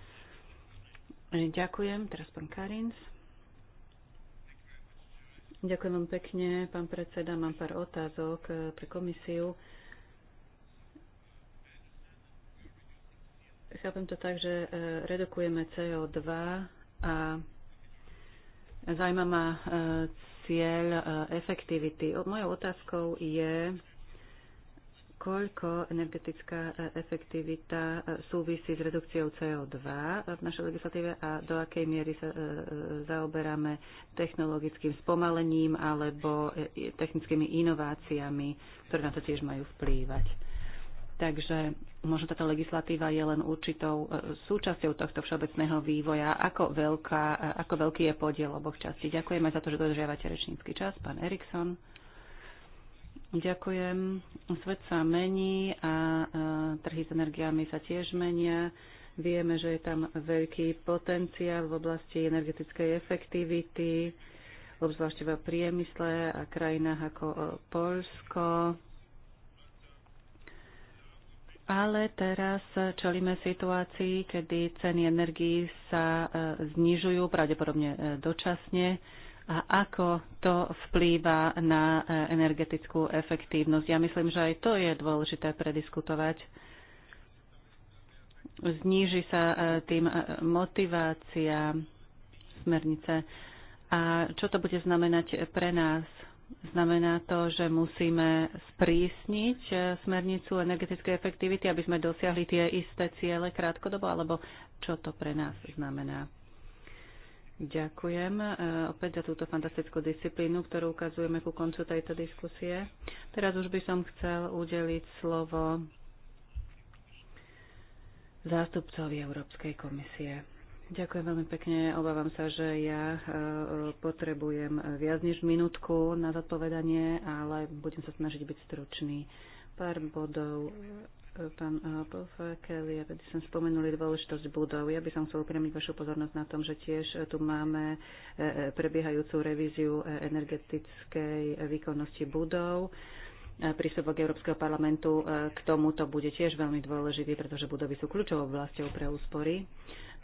S2: Ďakujem. Teraz pán Karins. Ďakujem vám pekne, pán predseda. Mám pár otázok eh, pre komisiu. Chápem to tak, že eh, redukujeme CO2 a zaujíma ma eh, cieľ efektivity. Mojou otázkou je, nakoľko energetická e, efektivita e, súvisí s redukciou CO2 v našej legislatíve a do akej miery sa e, zaoberáme technologickým spomalením alebo technickými inováciami, ktoré na to tiež majú vplývať. Takže možno táto legislatíva je len určitou súčasťou tohto všeobecného vývoja. Ako, veľká, ako veľký je podiel oboch častí? Ďakujem aj za to, že dodržiavate rečnícky čas, pán Erikson. Ďakujem. Svet sa mení a trhy s energiami sa tiež menia. Vieme, že je tam veľký potenciál v oblasti energetickej efektivity, obzvlášť v priemysle a krajinách ako e, Polsko. Ale teraz čelíme situácii, kedy ceny energií sa e, znižujú, pravdepodobne e, dočasne a ako to vplýva na e, energetickú efektívnosť. Ja myslím, že aj to je dôležité prediskutovať. Zníži sa e, tým e, motivácia smernice. A čo to bude znamenať pre nás? Znamená to, že musíme sprísniť smernicu energetickej efektivity, aby sme dosiahli tie isté ciele krátkodobo, alebo čo to pre nás znamená? Ďakujem e, opäť za túto fantastickú disciplínu, ktorú ukazujeme ku koncu tejto diskusie. Teraz už by som chcel udeliť slovo zástupcovi Európskej komisie. Ďakujem veľmi pekne. Obávam sa, že ja e, potrebujem viac než minútku na zodpovedanie, ale budem sa snažiť byť stručný. Pár bodov pán eh, Kelly, ja keď som spomenuli dôležitosť budov, ja by som chcel upriamiť vašu pozornosť na tom, že tiež eh, tu máme eh, prebiehajúcu revíziu energetickej výkonnosti budov. Prístupok Európskeho parlamentu k tomuto bude tiež veľmi dôležitý, pretože budovy sú kľúčovou vlastou pre úspory.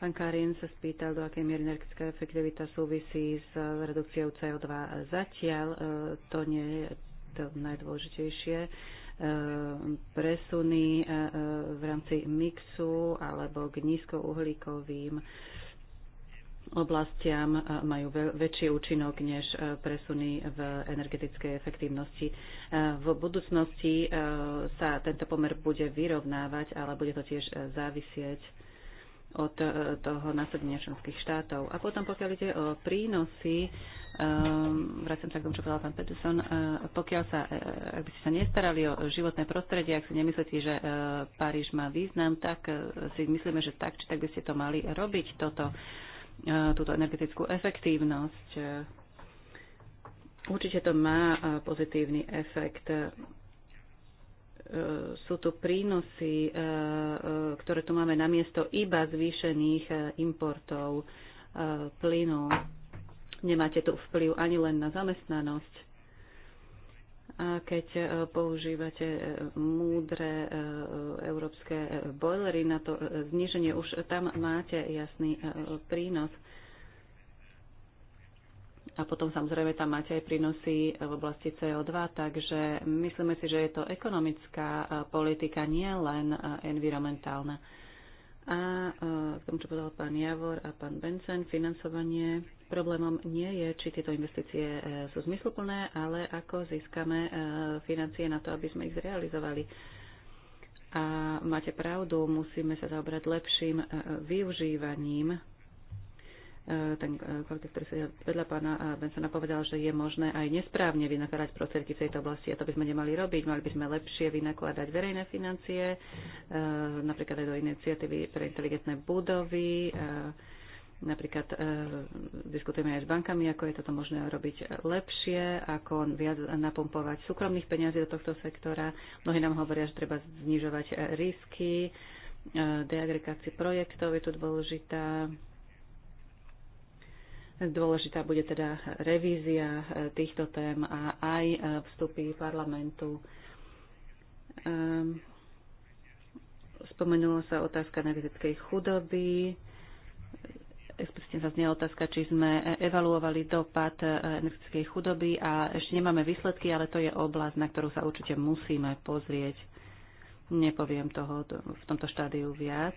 S2: Pán Karin sa spýtal, do akej miery energetická efektivita súvisí s redukciou CO2. Zatiaľ to nie je to najdôležitejšie Eh, presuny eh, eh, v rámci mixu alebo k nízkouhlíkovým oblastiam majú väčší účinok než presuny v energetickej efektívnosti. V budúcnosti sa tento pomer bude vyrovnávať, ale bude to tiež závisieť od toho následenia členských štátov. A potom, pokiaľ ide o prínosy, Um, ehm, vracem sa k tomu, čo povedal pán Peterson. Uh, pokiaľ sa, uh, ak by ste sa nestarali o životné prostredie, ak si nemyslíte, že uh, Paríž má význam, tak uh, si myslíme, že tak či tak by ste to mali robiť, toto, uh, túto energetickú efektívnosť. Uh, určite to má uh, pozitívny efekt. Uh, sú tu prínosy, ktoré tu máme na miesto iba zvýšených importov plynu Nemáte tu vplyv ani len na zamestnanosť. A keď e, používate e, múdre e, európske boilery na to zniženie, už tam máte jasný prínos. A potom samozrejme tam máte aj prínosy v oblasti CO2, takže myslíme si, že je to ekonomická politika, nie len environmentálna. A k tomu, čo povedal pán Javor a pán Benson, financovanie Problémom nie je, či tieto investície e, sú zmysluplné, ale ako získame e, financie na to, aby sme ich zrealizovali. A máte pravdu, musíme sa zaobrať lepším e, využívaním ten kolega, ktorý sa vedľa pána Bensona povedal, že je možné aj nesprávne vynakladať prostriedky v tejto oblasti a to by sme nemali robiť. Mali by sme lepšie vynakladať verejné financie, napríklad aj do iniciatívy pre inteligentné budovy, Napríklad e, diskutujeme aj s bankami, ako je toto možné robiť lepšie, ako viac napompovať súkromných peniazí do tohto sektora. Mnohí nám hovoria, že treba znižovať e, risky, e, deagregácia projektov je tu dôležitá. Dôležitá bude teda revízia e, týchto tém a aj e, vstupy parlamentu. Spomenula sa otázka energetickej chudoby explicitne zaznela otázka, či sme evaluovali dopad e, energetickej chudoby a ešte nemáme výsledky, ale to je oblasť, na ktorú sa určite musíme pozrieť. Nepoviem toho v tomto štádiu viac.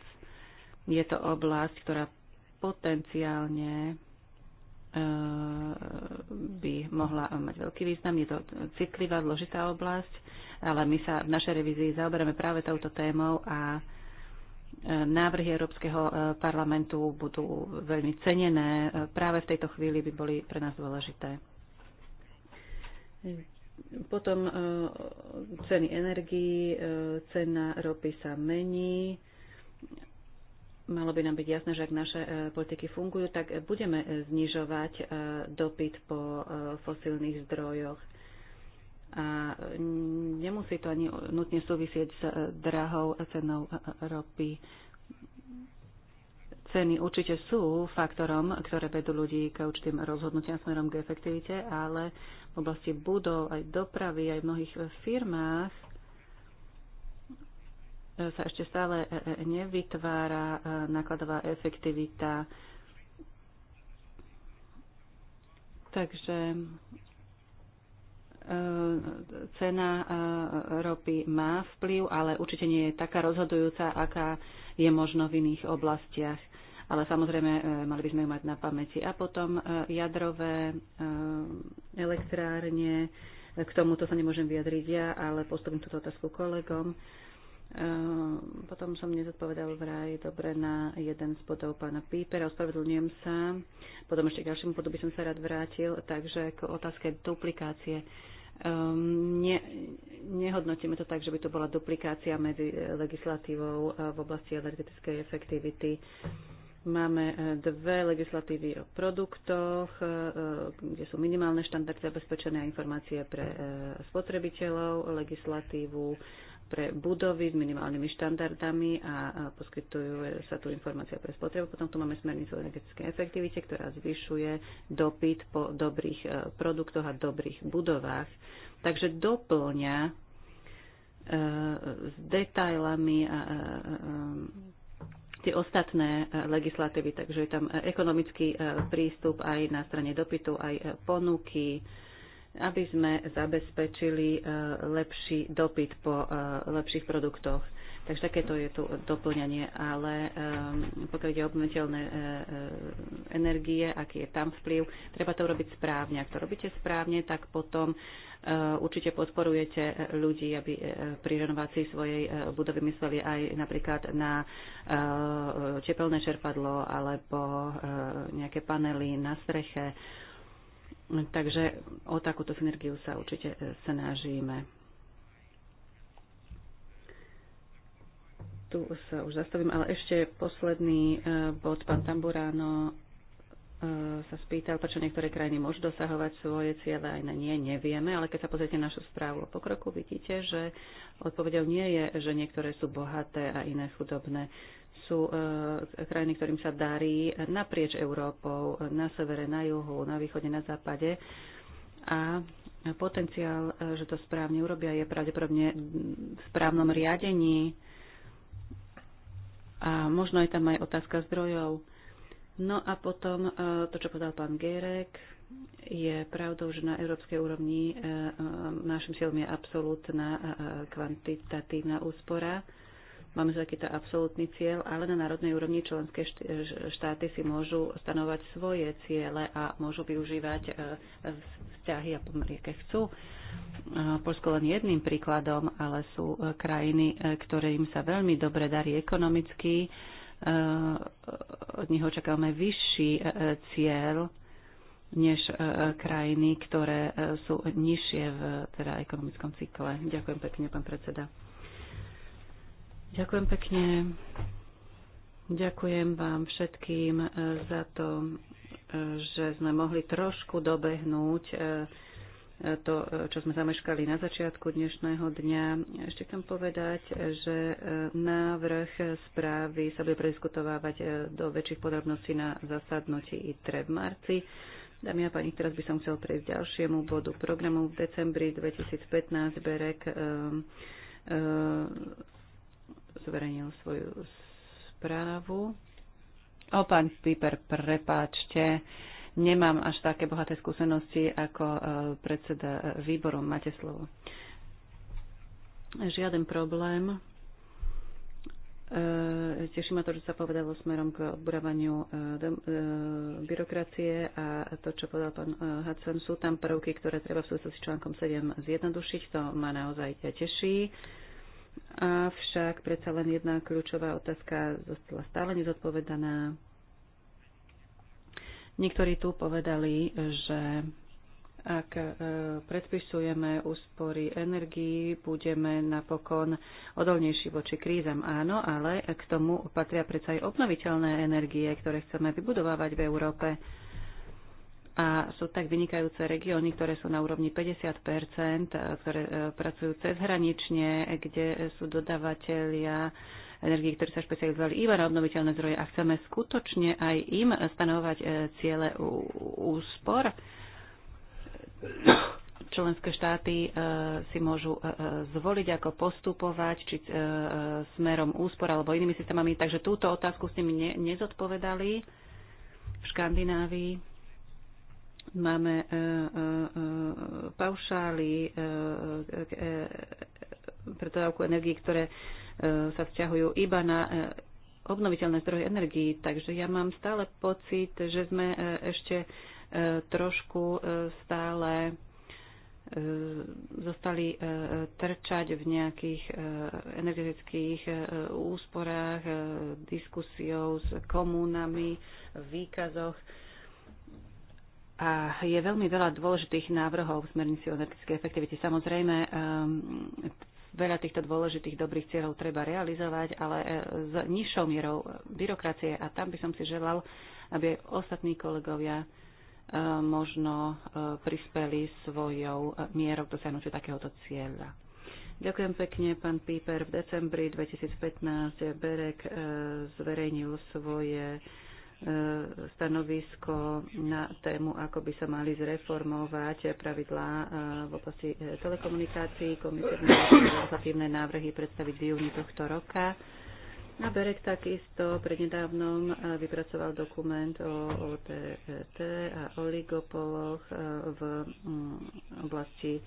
S2: Je to oblasť, ktorá potenciálne e, by mohla mať veľký význam. Je to citlivá, zložitá oblasť, ale my sa v našej revízii zaoberáme práve touto témou a návrhy Európskeho e, parlamentu budú veľmi cenené. E, práve v tejto chvíli by boli pre nás dôležité. Potom e, ceny energií, cena ropy sa mení. Malo by nám byť jasné, že ak naše politiky fungujú, tak budeme znižovať dopyt po fosílnych zdrojoch a nemusí to ani nutne súvisieť s eh, drahou cenou eh, ropy. Ceny určite sú faktorom, ktoré vedú ľudí k určitým rozhodnutiam smerom k efektivite, ale v oblasti budov, aj dopravy, aj v mnohých eh, firmách sa ešte stále nevytvára nákladová efektivita. Takže E, cena e, ropy má vplyv, ale určite nie je taká rozhodujúca, aká je možno v iných oblastiach. Ale samozrejme, e, mali by sme ju mať na pamäti. A potom jadrové elektrárne, k tomuto sa nemôžem vyjadriť ja, ale postupím túto otázku kolegom. Potom som nezodpovedal vraj dobre na jeden z bodov pána Pípera, ospravedlňujem sa. Potom ešte k ďalšiemu bodu by som sa rád vrátil, takže k otázke duplikácie. Um, ne, nehodnotíme to tak, že by to bola duplikácia medzi e, legislatívou e, v oblasti energetickej efektivity. Máme e, dve legislatívy o produktoch, kde sú minimálne štandardy zabezpečené a informácie pre spotrebiteľov, legislatívu pre budovy s minimálnymi štandardami a poskytujú sa tu informácia pre spotrebu. Potom tu máme smernicu o energetickej efektivite, ktorá zvyšuje dopyt po dobrých e, produktoch a dobrých budovách. Takže doplňa e, s detailami a e, tie ostatné legislatívy, takže je tam ekonomický prístup aj na strane dopytu, aj ponuky, aby sme zabezpečili e, lepší dopyt po e, lepších produktoch. Takže takéto je tu doplňanie, ale e, pokiaľ ide obnoviteľné energie, aký je tam vplyv, treba to robiť správne. Ak to robíte správne, tak potom určite podporujete ľudí, aby pri renovácii svojej budovy mysleli aj napríklad na tepelné čerpadlo alebo nejaké panely na streche Takže o takúto synergiu sa určite e, snažíme. Tu sa už zastavím, ale ešte posledný e, bod. Pán Tamburáno e, sa spýtal, prečo niektoré krajiny môžu dosahovať svoje ciele, aj na nie nevieme, ale keď sa pozriete na našu správu o pokroku, vidíte, že odpovedou nie je, že niektoré sú bohaté a iné chudobné sú e, krajiny, ktorým sa darí naprieč Európou, na severe, na juhu, na východe, na západe. A potenciál, e, že to správne urobia, je pravdepodobne v správnom riadení. A možno je tam aj otázka zdrojov. No a potom e, to, čo povedal pán Gerek, je pravdou, že na európskej úrovni našim silom je absolútna kvantitatívna úspora Máme taký to absolútny cieľ, ale na národnej úrovni členské štáty si môžu stanovať svoje ciele a môžu využívať e, vzťahy a pomery, aké chcú. E, Polsko len jedným príkladom, ale sú e, krajiny, ktorým sa veľmi dobre darí ekonomicky. Od nich očakávame vyšší cieľ než krajiny, ktoré sú nižšie v teda ekonomickom cykle. Ďakujem pekne, pán predseda. Ďakujem pekne. Ďakujem vám všetkým eh, za to, eh, že sme mohli trošku dobehnúť eh, to, čo sme zameškali na začiatku dnešného dňa. Ešte chcem povedať, že návrh správy sa bude prediskutovávať do väčších podrobností na zasadnutí i tre v marci. Dámy a páni, teraz by som chcel prejsť ďalšiemu bodu programu. V decembri 2015 BEREK zverejnil svoju správu. O, pán Piper, prepáčte, nemám až také bohaté skúsenosti ako e, predseda výboru. Máte slovo. Žiaden problém. E, teší ma to, že sa povedalo smerom k odburávaniu e, byrokracie a to, čo povedal pán Hudson, sú tam prvky, ktoré treba v súvislosti s článkom 7 zjednodušiť. To ma naozaj teší. Avšak predsa len jedna kľúčová otázka zostala stále nezodpovedaná. Niektorí tu povedali, že ak e, predpisujeme úspory energií, budeme napokon odolnejší voči krízam. Áno, ale k tomu patria predsa aj obnoviteľné energie, ktoré chceme vybudovávať v Európe a sú tak vynikajúce regióny, ktoré sú na úrovni 50 eh, ktoré eh, pracujú cezhranične, kde sú dodávateľia energii, ktorí sa špecializovali iba na obnoviteľné zdroje a chceme skutočne aj im stanovať eh, ciele úspor. Členské štáty si môžu zvoliť, ako postupovať, či smerom úspor alebo inými systémami. Takže túto otázku s nimi nezodpovedali v Škandinávii Máme e, e, e, paušály pre dodávku energii, ktoré sa vzťahujú iba na obnoviteľné zdroje energií. Takže ja mám stále pocit, že sme ešte trošku stále zostali trčať v nejakých energetických úsporách, diskusiou s komunami, výkazoch. A je veľmi veľa dôležitých návrhov v smernici o energetickej efektivite. Samozrejme, ehm, veľa týchto dôležitých dobrých cieľov treba realizovať, ale e, s nižšou mierou byrokracie. A tam by som si želal, aby aj ostatní kolegovia e, možno e, prispeli svojou mierou k dosiahnutiu takéhoto cieľa. Ďakujem pekne, pán Píper. V decembri 2015 Berek zverejnil svoje E, stanovisko na tému, ako by sa mali zreformovať pravidlá e, v oblasti e, telekomunikácií. Komisia legislatívne návrhy predstaviť v júni tohto roka. A Berek takisto prednedávnom vypracoval dokument o OTT a oligopoloch v mm, oblasti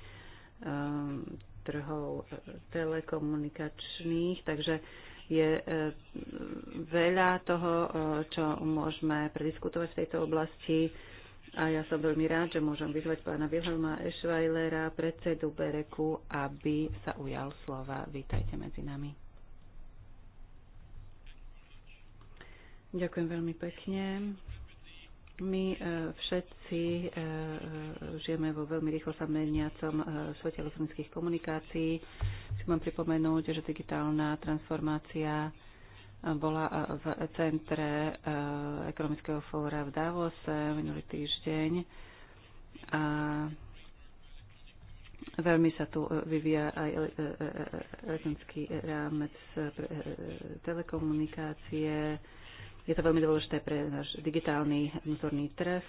S2: trhov telekomunikačných. Takže je e, veľa toho, e, čo môžeme prediskutovať v tejto oblasti. A ja som veľmi rád, že môžem vyzvať pána Wilhelma Ešvajlera, predsedu Bereku, aby sa ujal slova. Vítajte medzi nami. Ďakujem veľmi pekne. My e, všetci e, e, žijeme vo veľmi rýchlo sa meniacom svete elektronických komunikácií. Chcem vám pripomenúť, že digitálna transformácia bola v centre ekonomického fóra v Davose minulý týždeň a veľmi sa tu vyvíja aj elektronický rámec telekomunikácie, je to veľmi dôležité pre náš digitálny vnútorný trh.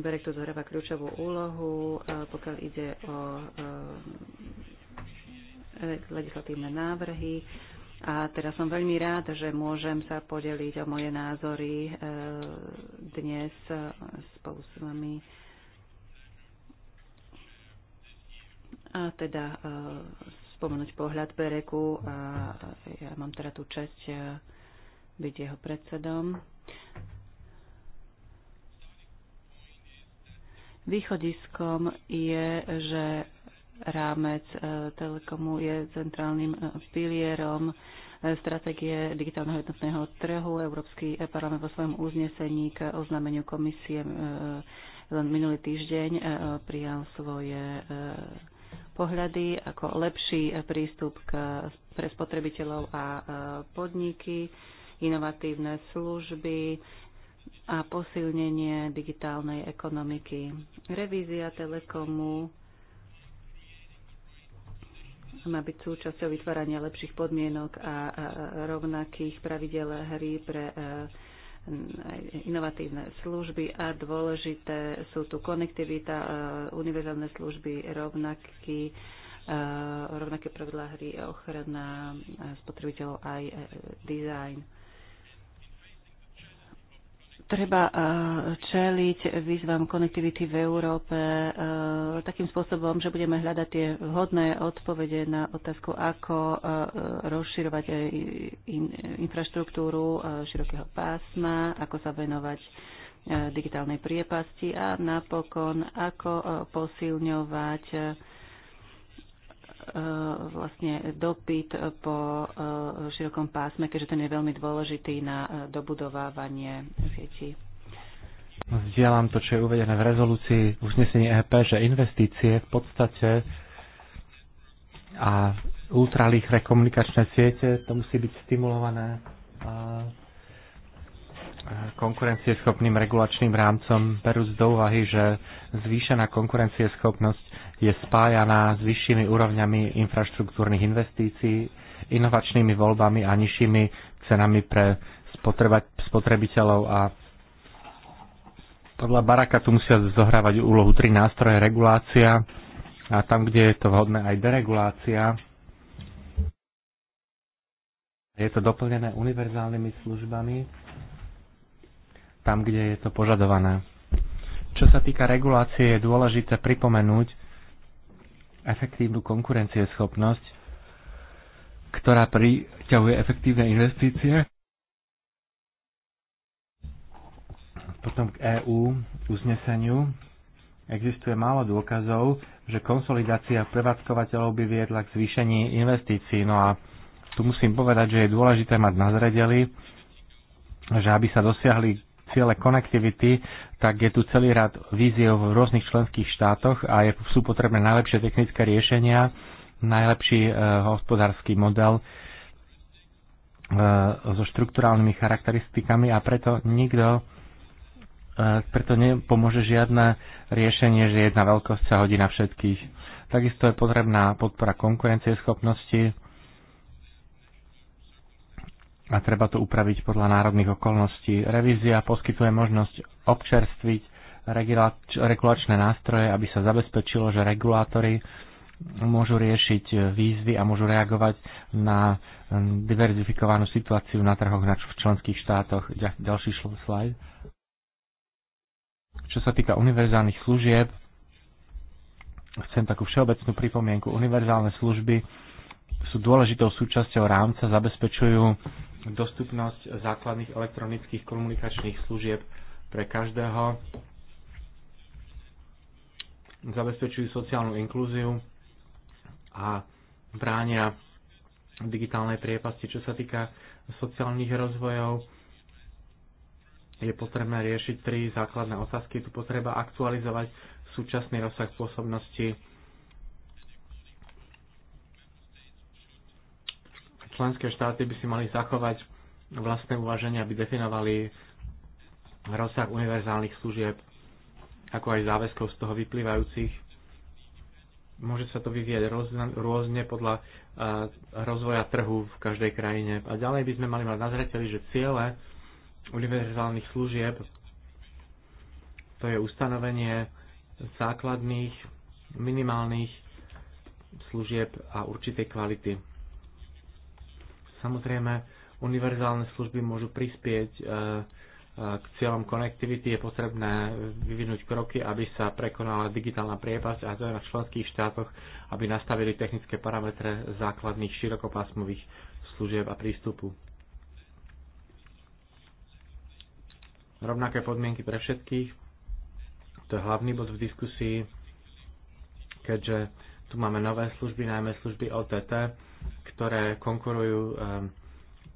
S2: Berek to zohráva kľúčovú úlohu, e, pokiaľ ide o e, legislatívne návrhy. A teraz som veľmi rád, že môžem sa podeliť o moje názory e, dnes spolu s vami. A teda spomenúť pohľad Bereku. A ja mám teda tú časť byť jeho predsedom. Východiskom je, že rámec e, telekomu je centrálnym e, pilierom e, stratégie digitálneho jednotného trhu. Európsky parlament vo svojom uznesení k oznámeniu komisie len minulý týždeň prijal svoje pohľady ako lepší prístup k, pre spotrebiteľov a podniky inovatívne služby a posilnenie digitálnej ekonomiky. Revízia telekomu má byť súčasťou vytvárania lepších podmienok a rovnakých pravidel hry pre inovatívne služby a dôležité sú tu konektivita, univerzálne služby, rovnaký, rovnaké pravidlá hry, ochrana spotrebiteľov aj dizajn treba eh, čeliť výzvam konektivity v Európe eh, takým spôsobom, že budeme hľadať tie vhodné odpovede na otázku, ako eh, rozširovať infraštruktúru širokého pásma, ako sa venovať digitálnej priepasti a napokon, ako posilňovať E, vlastne dopyt po e, širokom pásme, keďže ten je veľmi dôležitý na e, dobudovávanie sietí.
S3: Vzdielam to, čo je uvedené v rezolúcii uznesení EP, že investície v podstate a ultralýchre komunikačné siete, to musí byť stimulované konkurencieschopným regulačným rámcom, berúc do úvahy, že zvýšená konkurencieschopnosť je spájaná s vyššími úrovňami infraštruktúrnych investícií, inovačnými voľbami a nižšími cenami pre spotrebiteľov a podľa Baraka tu musia zohrávať úlohu tri nástroje regulácia a tam, kde je to vhodné aj deregulácia. Je to doplnené univerzálnymi službami tam, kde je to požadované. Čo sa týka regulácie, je dôležité pripomenúť, efektívnu konkurencieschopnosť, ktorá priťahuje efektívne investície. Potom k EÚ uzneseniu existuje málo dôkazov, že konsolidácia prevádzkovateľov by viedla k zvýšení investícií. No a tu musím povedať, že je dôležité mať na zredeli, že aby sa dosiahli ciele connectivity, tak je tu celý rad víziev v rôznych členských štátoch a je, sú potrebné najlepšie technické riešenia, najlepší e, hospodársky model e, so štruktúrálnymi charakteristikami a preto nikto e, preto nepomôže žiadne riešenie, že jedna veľkosť sa hodí na všetkých. Takisto je potrebná podpora konkurencieschopnosti, a treba to upraviť podľa národných okolností. Revízia poskytuje možnosť občerstviť regulačné nástroje, aby sa zabezpečilo, že regulátory môžu riešiť výzvy a môžu reagovať na diverzifikovanú situáciu na trhoch v členských štátoch. Ďalší slide. Čo sa týka univerzálnych služieb, chcem takú všeobecnú pripomienku. Univerzálne služby sú dôležitou súčasťou rámca, zabezpečujú dostupnosť základných elektronických komunikačných služieb pre každého, zabezpečujú sociálnu inklúziu a bránia digitálnej priepasti. Čo sa týka sociálnych rozvojov, je potrebné riešiť tri základné otázky. Tu potreba aktualizovať súčasný rozsah pôsobnosti Členské štáty by si mali zachovať vlastné uvaženie, aby definovali rozsah univerzálnych služieb, ako aj záväzkov z toho vyplývajúcich. Môže sa to vyvieť rôzne podľa eh, rozvoja trhu v každej krajine. A ďalej by sme mali mať nazreteli, že ciele univerzálnych služieb to je ustanovenie základných, minimálnych služieb a určitej kvality. Samozrejme, univerzálne služby môžu prispieť e, e, k cieľom konektivity. Je potrebné vyvinúť kroky, aby sa prekonala digitálna priepasť a to je na členských štátoch, aby nastavili technické parametre základných širokopásmových služieb a prístupu. Rovnaké podmienky pre všetkých. To je hlavný bod v diskusii, keďže tu máme nové služby, najmä služby OTT, ktoré konkurujú ehm,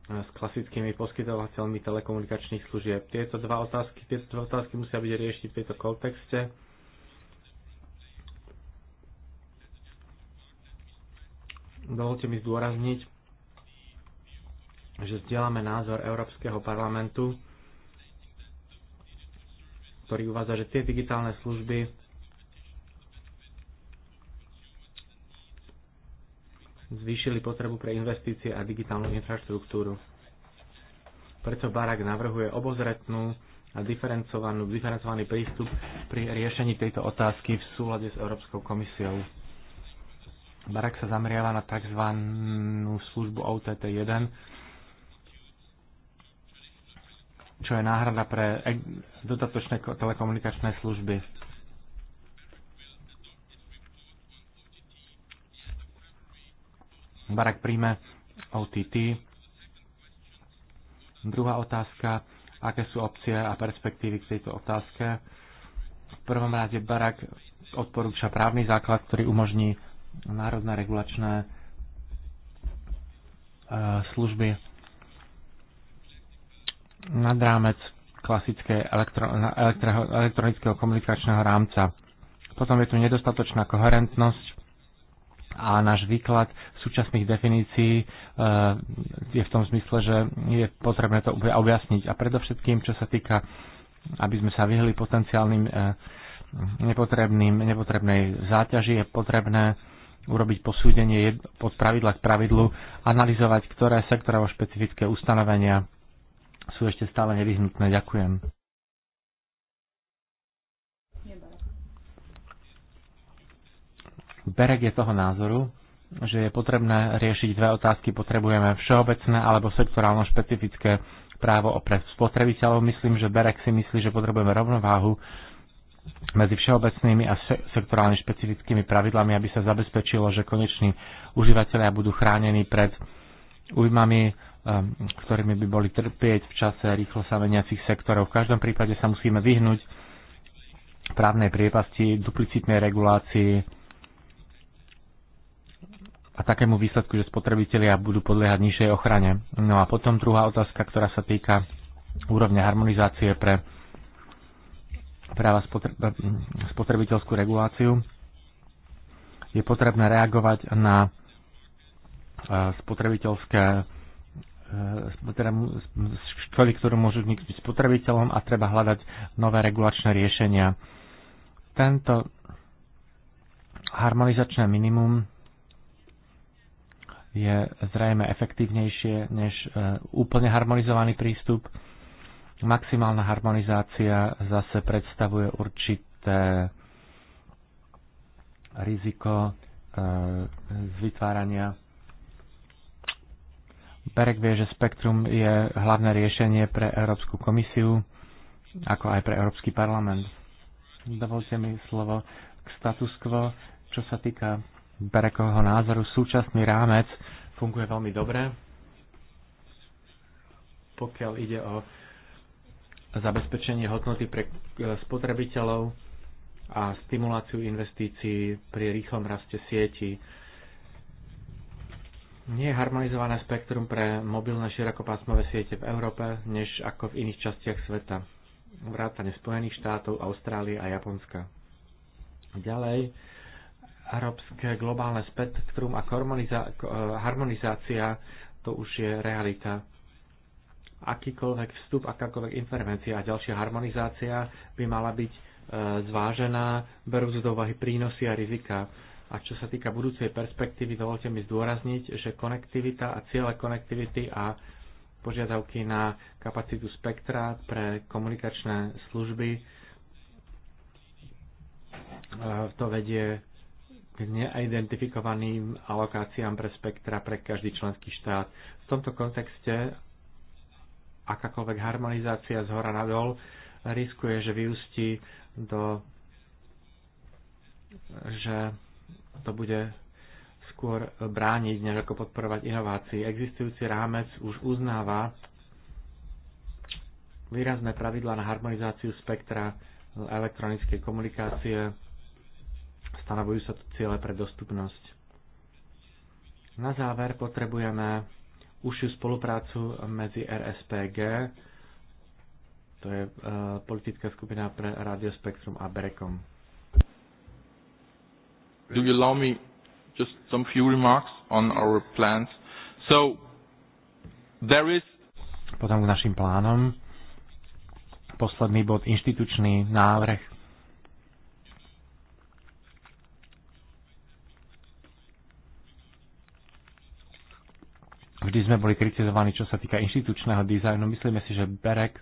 S3: s klasickými poskytovateľmi telekomunikačných služieb. Tieto dva otázky, tieto dva otázky musia byť riešiť v tejto kontexte. Dovolte mi zdôrazniť, že vzdielame názor Európskeho parlamentu, ktorý uvádza, že tie digitálne služby zvýšili potrebu pre investície a digitálnu infraštruktúru. Preto Barak navrhuje obozretnú a diferencovanú, diferencovaný prístup pri riešení tejto otázky v súlade s Európskou komisiou. Barak sa zameriava na tzv. službu OTT1, čo je náhrada pre e- dodatočné telekomunikačné služby Barak príjme OTT. Druhá otázka, aké sú opcie a perspektívy k tejto otázke. V prvom rade Barak odporúča právny základ, ktorý umožní národné regulačné e, služby nad rámec klasické elektro, elektro, elektronického komunikačného rámca. Potom je tu nedostatočná koherentnosť a náš výklad súčasných definícií e, je v tom zmysle, že je potrebné to objasniť. A predovšetkým, čo sa týka, aby sme sa vyhli potenciálnym e, nepotrebným, nepotrebnej záťaži, je potrebné urobiť posúdenie od pravidla k pravidlu, analyzovať, ktoré sektorovo špecifické ustanovenia sú ešte stále nevyhnutné. Ďakujem. Berek je toho názoru, že je potrebné riešiť dve otázky. Potrebujeme všeobecné alebo sektorálno špecifické právo o pre spotrebiteľov. Myslím, že Berek si myslí, že potrebujeme rovnováhu medzi všeobecnými a sektorálne špecifickými pravidlami, aby sa zabezpečilo, že koneční užívateľia budú chránení pred újmami, ehm, ktorými by boli trpieť v čase rýchlo sa meniacich sektorov. V každom prípade sa musíme vyhnúť právnej priepasti, duplicitnej regulácii, a takému výsledku, že spotrebitelia budú podliehať nižšej ochrane. No a potom druhá otázka, ktorá sa týka úrovne harmonizácie pre práva spotre- eh, spotrebiteľskú reguláciu. Je potrebné reagovať na eh, spotrebiteľské eh, teda školy, ktoré môžu vzniknúť spotrebiteľom a treba hľadať nové regulačné riešenia. Tento harmonizačné minimum je zrejme efektívnejšie než e, úplne harmonizovaný prístup. Maximálna harmonizácia zase predstavuje určité riziko e, z vytvárania. Berek vie, že spektrum je hlavné riešenie pre Európsku komisiu, ako aj pre Európsky parlament. Dovolte mi slovo k status quo, čo sa týka Berekovho názoru súčasný rámec funguje veľmi dobre, pokiaľ ide o zabezpečenie hodnoty pre e, spotrebiteľov a stimuláciu investícií pri rýchlom raste sieti. Nie je harmonizované spektrum pre mobilné širokopásmové siete v Európe, než ako v iných častiach sveta. Vrátane Spojených štátov, Austrálie a Japonska. Ďalej, Európske globálne spektrum a e, harmonizácia to už je realita. Akýkoľvek vstup, akákoľvek intervencia a ďalšia harmonizácia by mala byť e, zvážená, berúc do úvahy prínosy a rizika. A čo sa týka budúcej perspektívy, dovolte mi zdôrazniť, že konektivita a ciele konektivity a požiadavky na kapacitu spektra pre komunikačné služby e, to vedie k neidentifikovaným alokáciám pre spektra pre každý členský štát. V tomto kontexte akákoľvek harmonizácia z hora nadol riskuje, že vyústi do že to bude skôr brániť, než ako podporovať inovácii. Existujúci rámec už uznáva výrazné pravidla na harmonizáciu spektra elektronickej komunikácie stanovujú sa tu ciele pre dostupnosť. Na záver potrebujeme užšiu spoluprácu medzi RSPG, to je e, politická skupina pre Radio Spektrum a Berekom.
S1: Do you allow me just some few remarks on our plans? So, there is...
S3: Potom k našim plánom. Posledný bod, inštitučný návrh Vždy sme boli kritizovaní, čo sa týka inštitučného dizajnu. Myslíme si, že Berek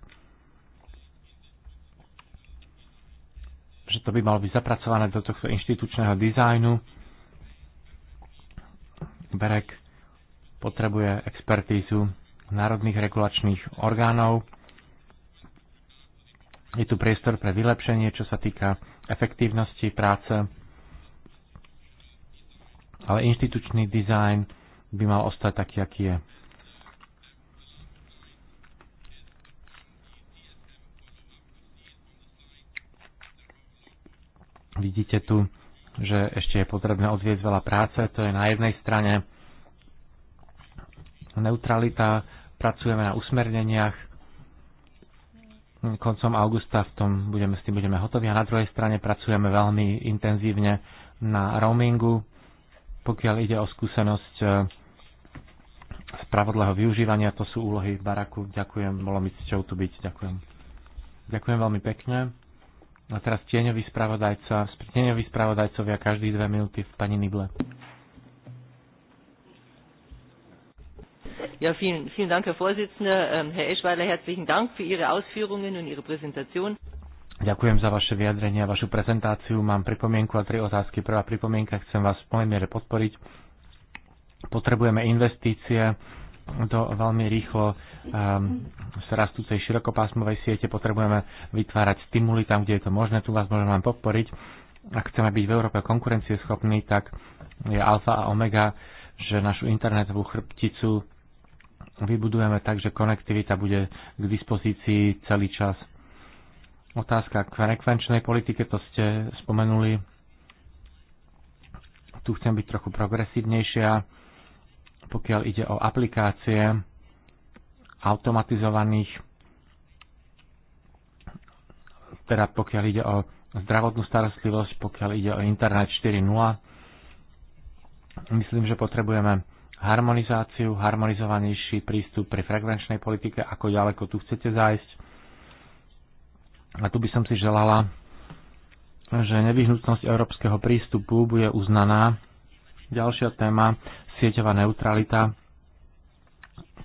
S3: že to by malo byť zapracované do tohto inštitučného dizajnu. Berek potrebuje expertízu národných regulačných orgánov. Je tu priestor pre vylepšenie, čo sa týka efektívnosti práce, ale inštitučný dizajn by mal ostať taký, aký je. Vidíte tu, že ešte je potrebné odvieť veľa práce, to je na jednej strane neutralita, pracujeme na usmerneniach, koncom augusta v tom budeme, s tým budeme hotovi a na druhej strane pracujeme veľmi intenzívne na roamingu, pokiaľ ide o skúsenosť eh, spravodlého využívania. To sú úlohy v baraku. Ďakujem, bolo mi cťou tu byť. Ďakujem. Ďakujem veľmi pekne. A teraz tieňový spravodajca, tieňový spravodajcovia každý dve minúty v pani Nible.
S2: Ja, vielen, vielen Dank, Herr Vorsitzender. Ähm, Herr Eschweiler, herzlichen Dank für Ihre Ausführungen und Ihre Präsentation.
S3: Ďakujem za vaše vyjadrenie a vašu prezentáciu. Mám pripomienku a tri otázky. Prvá pripomienka, chcem vás v plnej miere podporiť Potrebujeme investície do veľmi rýchlo ehm, z rastúcej širokopásmovej siete. Potrebujeme vytvárať stimuly tam, kde je to možné. Tu vás môžem vám podporiť. Ak chceme byť v Európe konkurencieschopní, tak je alfa a omega, že našu internetovú chrbticu vybudujeme tak, že konektivita bude k dispozícii celý čas. Otázka k frekvenčnej politike, to ste spomenuli. Tu chcem byť trochu progresívnejšia pokiaľ ide o aplikácie automatizovaných, teda pokiaľ ide o zdravotnú starostlivosť, pokiaľ ide o Internet 4.0. Myslím, že potrebujeme harmonizáciu, harmonizovanejší prístup pri frekvenčnej politike, ako ďaleko tu chcete zájsť. A tu by som si želala, že nevyhnutnosť európskeho prístupu bude uznaná. Ďalšia téma, sieťová neutralita.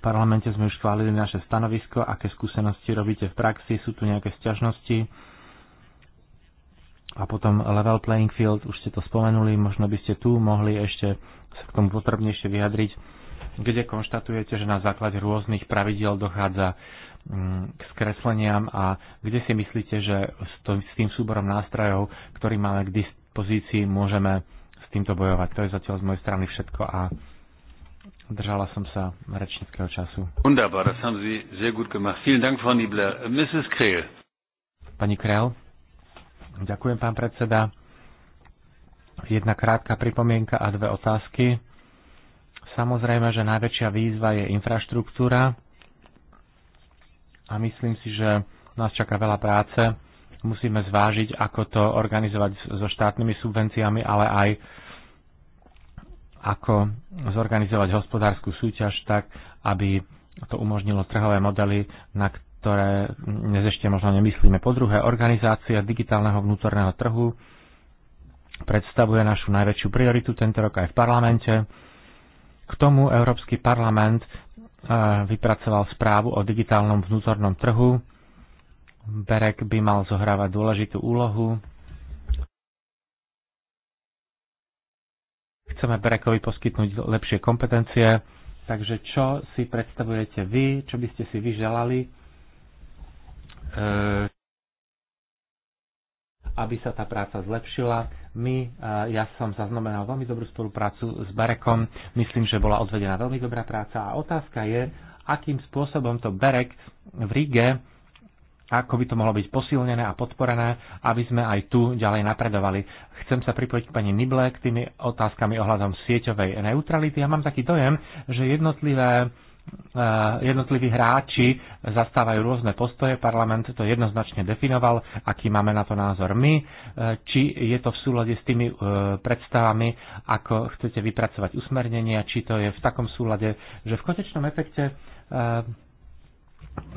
S3: V parlamente sme už chválili naše stanovisko, aké skúsenosti robíte v praxi, sú tu nejaké sťažnosti. A potom level playing field, už ste to spomenuli, možno by ste tu mohli ešte sa k tomu potrebnejšie vyjadriť, kde konštatujete, že na základe rôznych pravidiel dochádza mm, k skresleniam a kde si myslíte, že s tým súborom nástrojov, ktorý máme k dispozícii, môžeme týmto bojovať. To je zatiaľ z mojej strany všetko a držala som sa rečnického času.
S1: Wunderbar, das haben Sie sehr gut gemacht. Vielen Dank, Frau Niebler. Mrs. Krehl.
S3: Pani Krehl, ďakujem, pán predseda. Jedna krátka pripomienka a dve otázky. Samozrejme, že najväčšia výzva je infraštruktúra a myslím si, že nás čaká veľa práce Musíme zvážiť, ako to organizovať so štátnymi subvenciami, ale aj ako zorganizovať hospodárskú súťaž tak, aby to umožnilo trhové modely, na ktoré dnes ešte možno nemyslíme. Po druhé, organizácia digitálneho vnútorného trhu predstavuje našu najväčšiu prioritu tento rok aj v parlamente. K tomu Európsky parlament eh, vypracoval správu o digitálnom vnútornom trhu Berek by mal zohrávať dôležitú úlohu. Chceme Berekovi poskytnúť lepšie kompetencie, takže čo si predstavujete vy, čo by ste si vy želali, e, aby sa tá práca zlepšila. My, ja som zaznamenal veľmi dobrú spoluprácu s Berekom, myslím, že bola odvedená veľmi dobrá práca a otázka je, akým spôsobom to Berek v Ríge ako by to mohlo byť posilnené a podporené, aby sme aj tu ďalej napredovali. Chcem sa pripojiť k pani Nible k tými otázkami ohľadom sieťovej neutrality. Ja mám taký dojem, že jednotlivé e, jednotliví hráči zastávajú rôzne postoje. Parlament to jednoznačne definoval, aký máme na to názor my, e, či je to v súlade s tými e, predstavami, ako chcete vypracovať usmernenia, či to je v takom súlade, že v konečnom efekte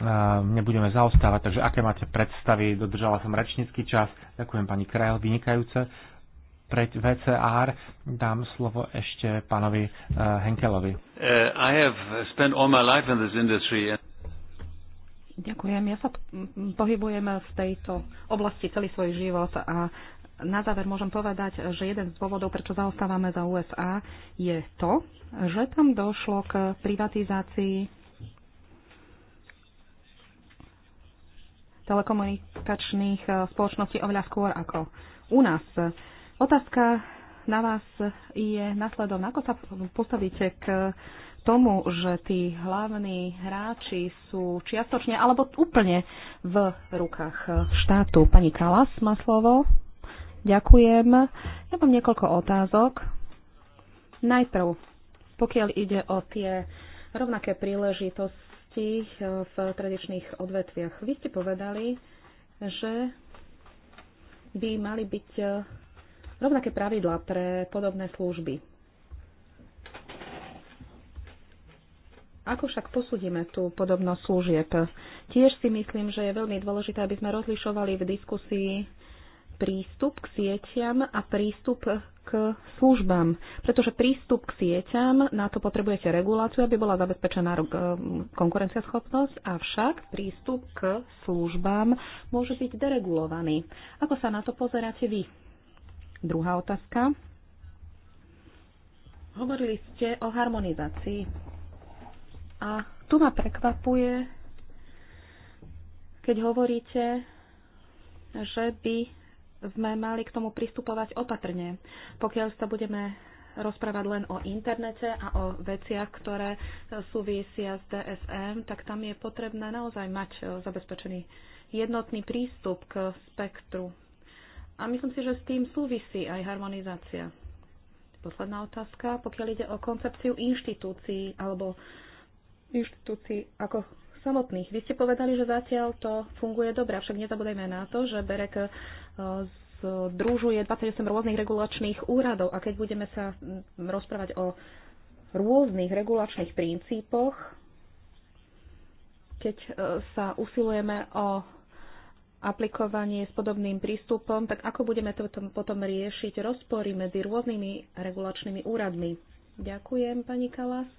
S3: Ehm, nebudeme zaostávať, takže aké máte predstavy, dodržala som rečnícky čas, ďakujem pani Krajl, vynikajúce. Pre VCR dám slovo ešte pánovi eh, Henkelovi. Eh,
S1: I have spent all my life in this industry.
S4: Ďakujem. Ja sa pohybujem v tejto oblasti celý svoj život a na záver môžem povedať, že jeden z dôvodov, prečo zaostávame za USA, je to, že tam došlo k privatizácii telekomunikačných eh, spoločností oveľa skôr ako u nás. Otázka na vás je nasledovná. Ako sa postavíte k tomu, že tí hlavní hráči sú čiastočne alebo úplne v rukách štátu? Pani Kalas má slovo. Ďakujem. Ja mám niekoľko otázok. Najprv, pokiaľ ide o tie rovnaké príležitosti, činnosti e, v tradičných odvetviach. Vy ste povedali, že by mali byť e, rovnaké pravidlá pre podobné služby. Ako však posúdime tú podobnosť služieb? Tiež si myslím, že je veľmi dôležité, aby sme rozlišovali v diskusii prístup k sieťam a prístup k službám. Pretože prístup k sieťam, na to potrebujete reguláciu, aby bola zabezpečená e, konkurenciaschopnosť, avšak prístup k službám môže byť deregulovaný. Ako sa na to pozeráte vy? Druhá otázka. Hovorili ste o harmonizácii. A tu ma prekvapuje, keď hovoríte, že by sme mali k tomu pristupovať opatrne. Pokiaľ sa budeme rozprávať len o internete a o veciach, ktoré súvisia s DSM, tak tam je potrebné naozaj mať e, zabezpečený jednotný prístup k spektru. A myslím si, že s tým súvisí aj harmonizácia. Posledná otázka, pokiaľ ide o koncepciu inštitúcií alebo inštitúcií ako samotných. Vy ste povedali, že zatiaľ to funguje dobre, avšak nezabudajme na to, že Berek združuje 28 rôznych regulačných úradov a keď budeme sa mm, rozprávať o rôznych regulačných princípoch, keď e, sa usilujeme o aplikovanie s podobným prístupom, tak ako budeme to potom riešiť rozpory medzi rôznymi regulačnými úradmi? Ďakujem, pani Kalas.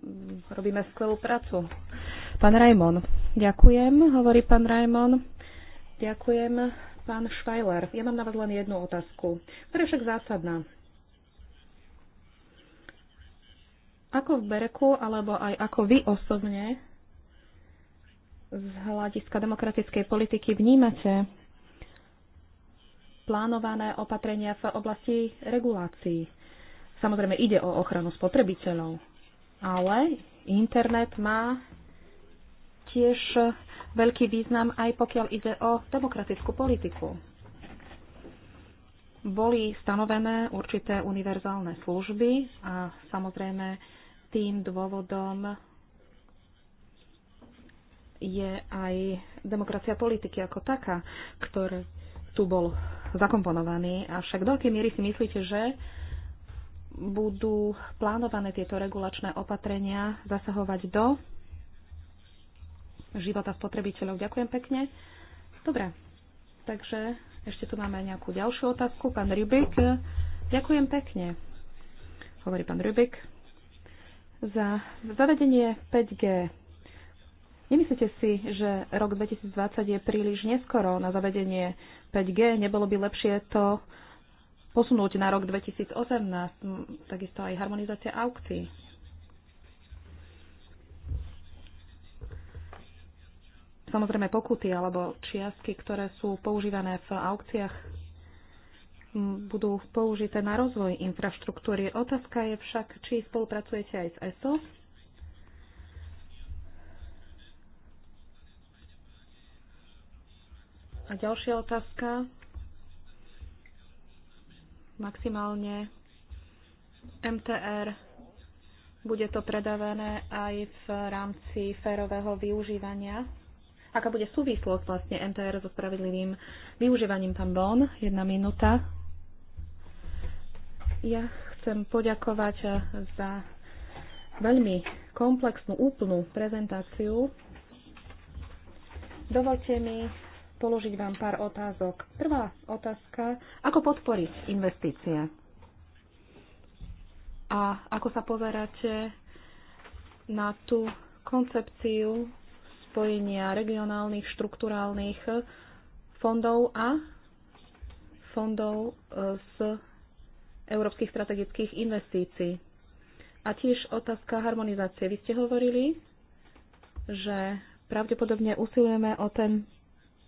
S4: Mm, robíme skvelú prácu. Pán Rajmon. Ďakujem, hovorí pán Rajmon. Ďakujem, pán Švajler. Ja mám na vás len jednu otázku, ktorá je však zásadná. Ako v Bereku, alebo aj ako vy osobne z hľadiska demokratickej politiky vnímate plánované opatrenia v oblasti regulácií. Samozrejme ide o ochranu spotrebiteľov, ale internet má tiež veľký význam aj pokiaľ ide o demokratickú politiku. Boli stanovené určité univerzálne služby a samozrejme tým dôvodom je aj demokracia politiky ako taká, ktorý tu bol zakomponovaný. Avšak do akej miery si myslíte, že budú plánované tieto regulačné opatrenia zasahovať do života spotrebiteľov. Ďakujem pekne. Dobre, takže ešte tu máme nejakú ďalšiu otázku. Pán Rybik, ďakujem pekne, hovorí pán Rybik, za zavedenie 5G. Nemyslíte si, že rok 2020 je príliš neskoro na zavedenie 5G? Nebolo by lepšie to posunúť na rok 2018, takisto aj harmonizácia aukcií? Samozrejme pokuty alebo čiastky, ktoré sú používané v aukciách, budú použité na rozvoj infraštruktúry. Otázka je však, či spolupracujete aj s ESO. A ďalšia otázka. Maximálne MTR bude to predávané aj v rámci férového využívania aká bude súvislosť vlastne MTR so spravedlivým využívaním tampón. Jedna minúta. Ja chcem poďakovať eh, za veľmi komplexnú, úplnú prezentáciu. Dovolte mi položiť vám pár otázok. Prvá otázka, ako podporiť investície? A ako sa pozeráte na tú koncepciu spojenia regionálnych, štruktúrálnych fondov a fondov e, z európskych strategických investícií. A tiež otázka harmonizácie. Vy ste hovorili, že pravdepodobne usilujeme o ten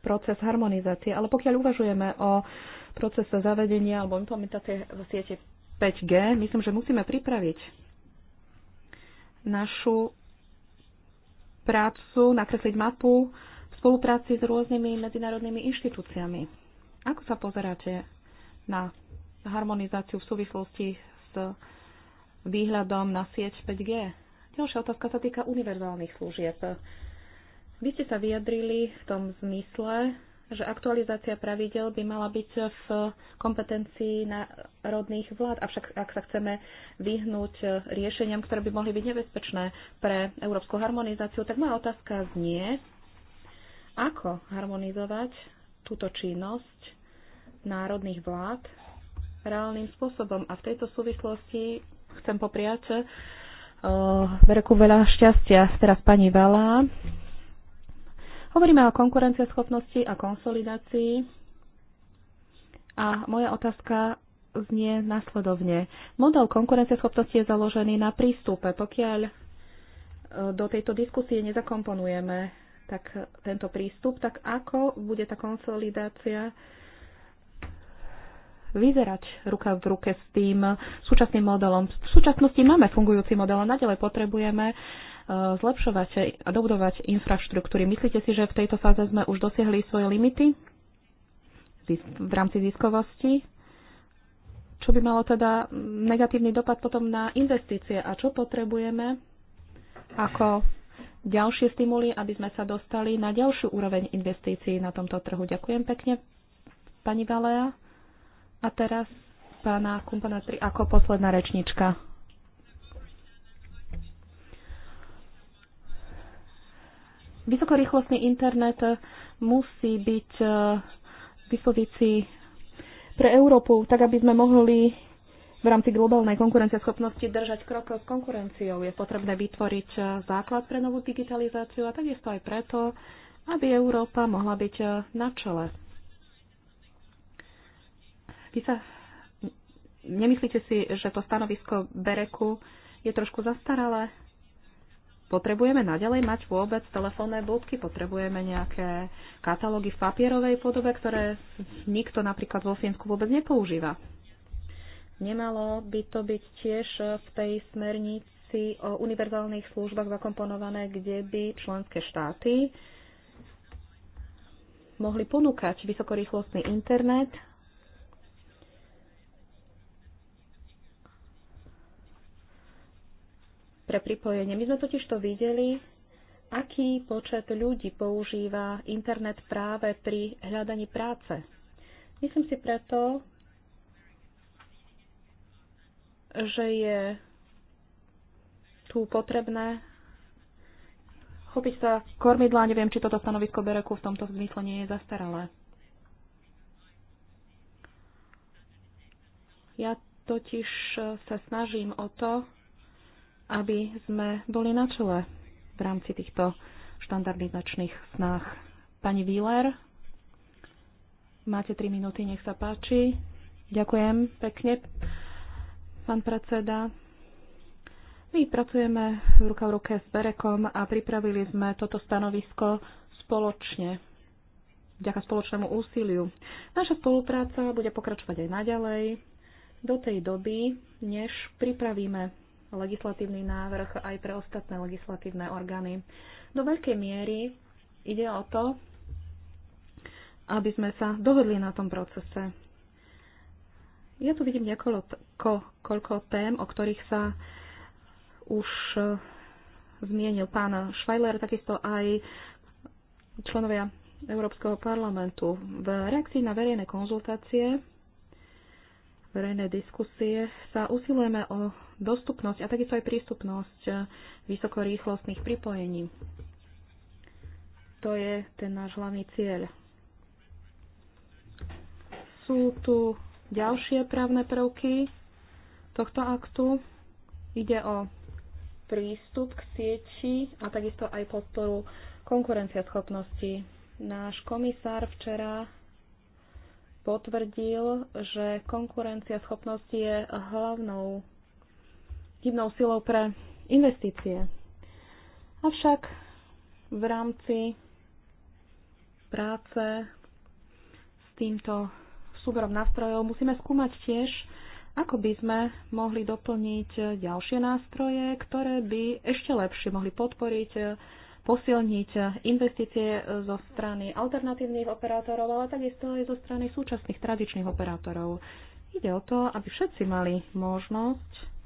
S4: proces harmonizácie, ale pokiaľ uvažujeme o procese zavedenia alebo implementácie v siete 5G, myslím, že musíme pripraviť našu prácu, nakresliť mapu v spolupráci s rôznymi medzinárodnými inštitúciami. Ako sa pozeráte na harmonizáciu v súvislosti s výhľadom na sieť 5G? Ďalšia otázka sa týka univerzálnych služieb. Vy ste sa vyjadrili v tom zmysle, že aktualizácia pravidel by mala byť v kompetencii národných vlád. Avšak ak sa chceme vyhnúť riešeniam, ktoré by mohli byť nebezpečné pre európsku harmonizáciu, tak moja otázka znie, ako harmonizovať túto činnosť národných vlád reálnym spôsobom. A v tejto súvislosti chcem popriať uh, veľkú veľa šťastia teraz pani Valá Hovoríme o konkurencieschopnosti a konsolidácii. A moja otázka znie nasledovne. Model konkurencieschopnosti je založený na prístupe. Pokiaľ e, do tejto diskusie nezakomponujeme tak tento prístup, tak ako bude tá konsolidácia vyzerať ruka v ruke s tým súčasným modelom. V súčasnosti máme fungujúci model a nadalej potrebujeme zlepšovať a dobudovať infraštruktúry. Myslíte si, že v tejto fáze sme už dosiahli svoje limity v rámci ziskovosti? Čo by malo teda negatívny dopad potom na investície a čo potrebujeme ako ďalšie stimuly, aby sme sa dostali na ďalšiu úroveň investícií na tomto trhu. Ďakujem pekne, pani Valea. A teraz pána Kumpana 3 ako posledná rečnička. Vysokorýchlostný internet musí byť eh, v dispozícii pre Európu, tak aby sme mohli v rámci globálnej konkurencieschopnosti držať krok s konkurenciou. Je potrebné vytvoriť eh, základ pre novú digitalizáciu a takisto aj preto, aby Európa mohla byť eh, na čele. Vy sa nemyslíte si, že to stanovisko Bereku je trošku zastaralé? Potrebujeme naďalej mať vôbec telefónne budky, potrebujeme nejaké katalógy v papierovej podobe, ktoré nikto napríklad vo Fínsku vôbec nepoužíva. Nemalo by to byť tiež v tej smernici o univerzálnych službách zakomponované, kde by členské štáty mohli ponúkať vysokorýchlostný internet pre pripojenie. My sme totiž to videli, aký počet ľudí používa internet práve pri hľadaní práce. Myslím si preto, že je tu potrebné chopiť sa kormidla. Neviem, či toto stanovisko Bereku v tomto zmysle nie je zastaralé. Ja totiž sa snažím o to, aby sme boli na čele v rámci týchto štandardizačných snách. Pani Wieler, máte 3 minúty, nech sa páči. Ďakujem pekne, pán predseda. My pracujeme ruka v ruke s Berekom a pripravili sme toto stanovisko spoločne, vďaka spoločnému úsiliu. Naša spolupráca bude pokračovať aj naďalej, do tej doby, než pripravíme legislatívny návrh aj pre ostatné legislatívne orgány. Do veľkej miery ide o to, aby sme sa dohodli na tom procese. Ja tu vidím niekoľko, ko, koľko tém, o ktorých sa už e, zmienil pán Švajler, takisto aj členovia Európskeho parlamentu. V reakcii na verejné konzultácie, verejné diskusie sa usilujeme o dostupnosť a takisto aj prístupnosť eh, vysokorýchlostných pripojení. To je ten náš hlavný cieľ. Sú tu ďalšie právne prvky tohto aktu. Ide o prístup k sieči a takisto aj podporu konkurenciaschopnosti. Náš komisár včera potvrdil, že konkurencia schopnosti je hlavnou hybnou silou pre investície. Avšak v rámci práce s týmto súborom nástrojov musíme skúmať tiež, ako by sme mohli doplniť ďalšie nástroje, ktoré by ešte lepšie mohli podporiť, posilniť investície zo strany alternatívnych operátorov, ale takisto aj zo strany súčasných tradičných operátorov. Ide o to, aby všetci mali možnosť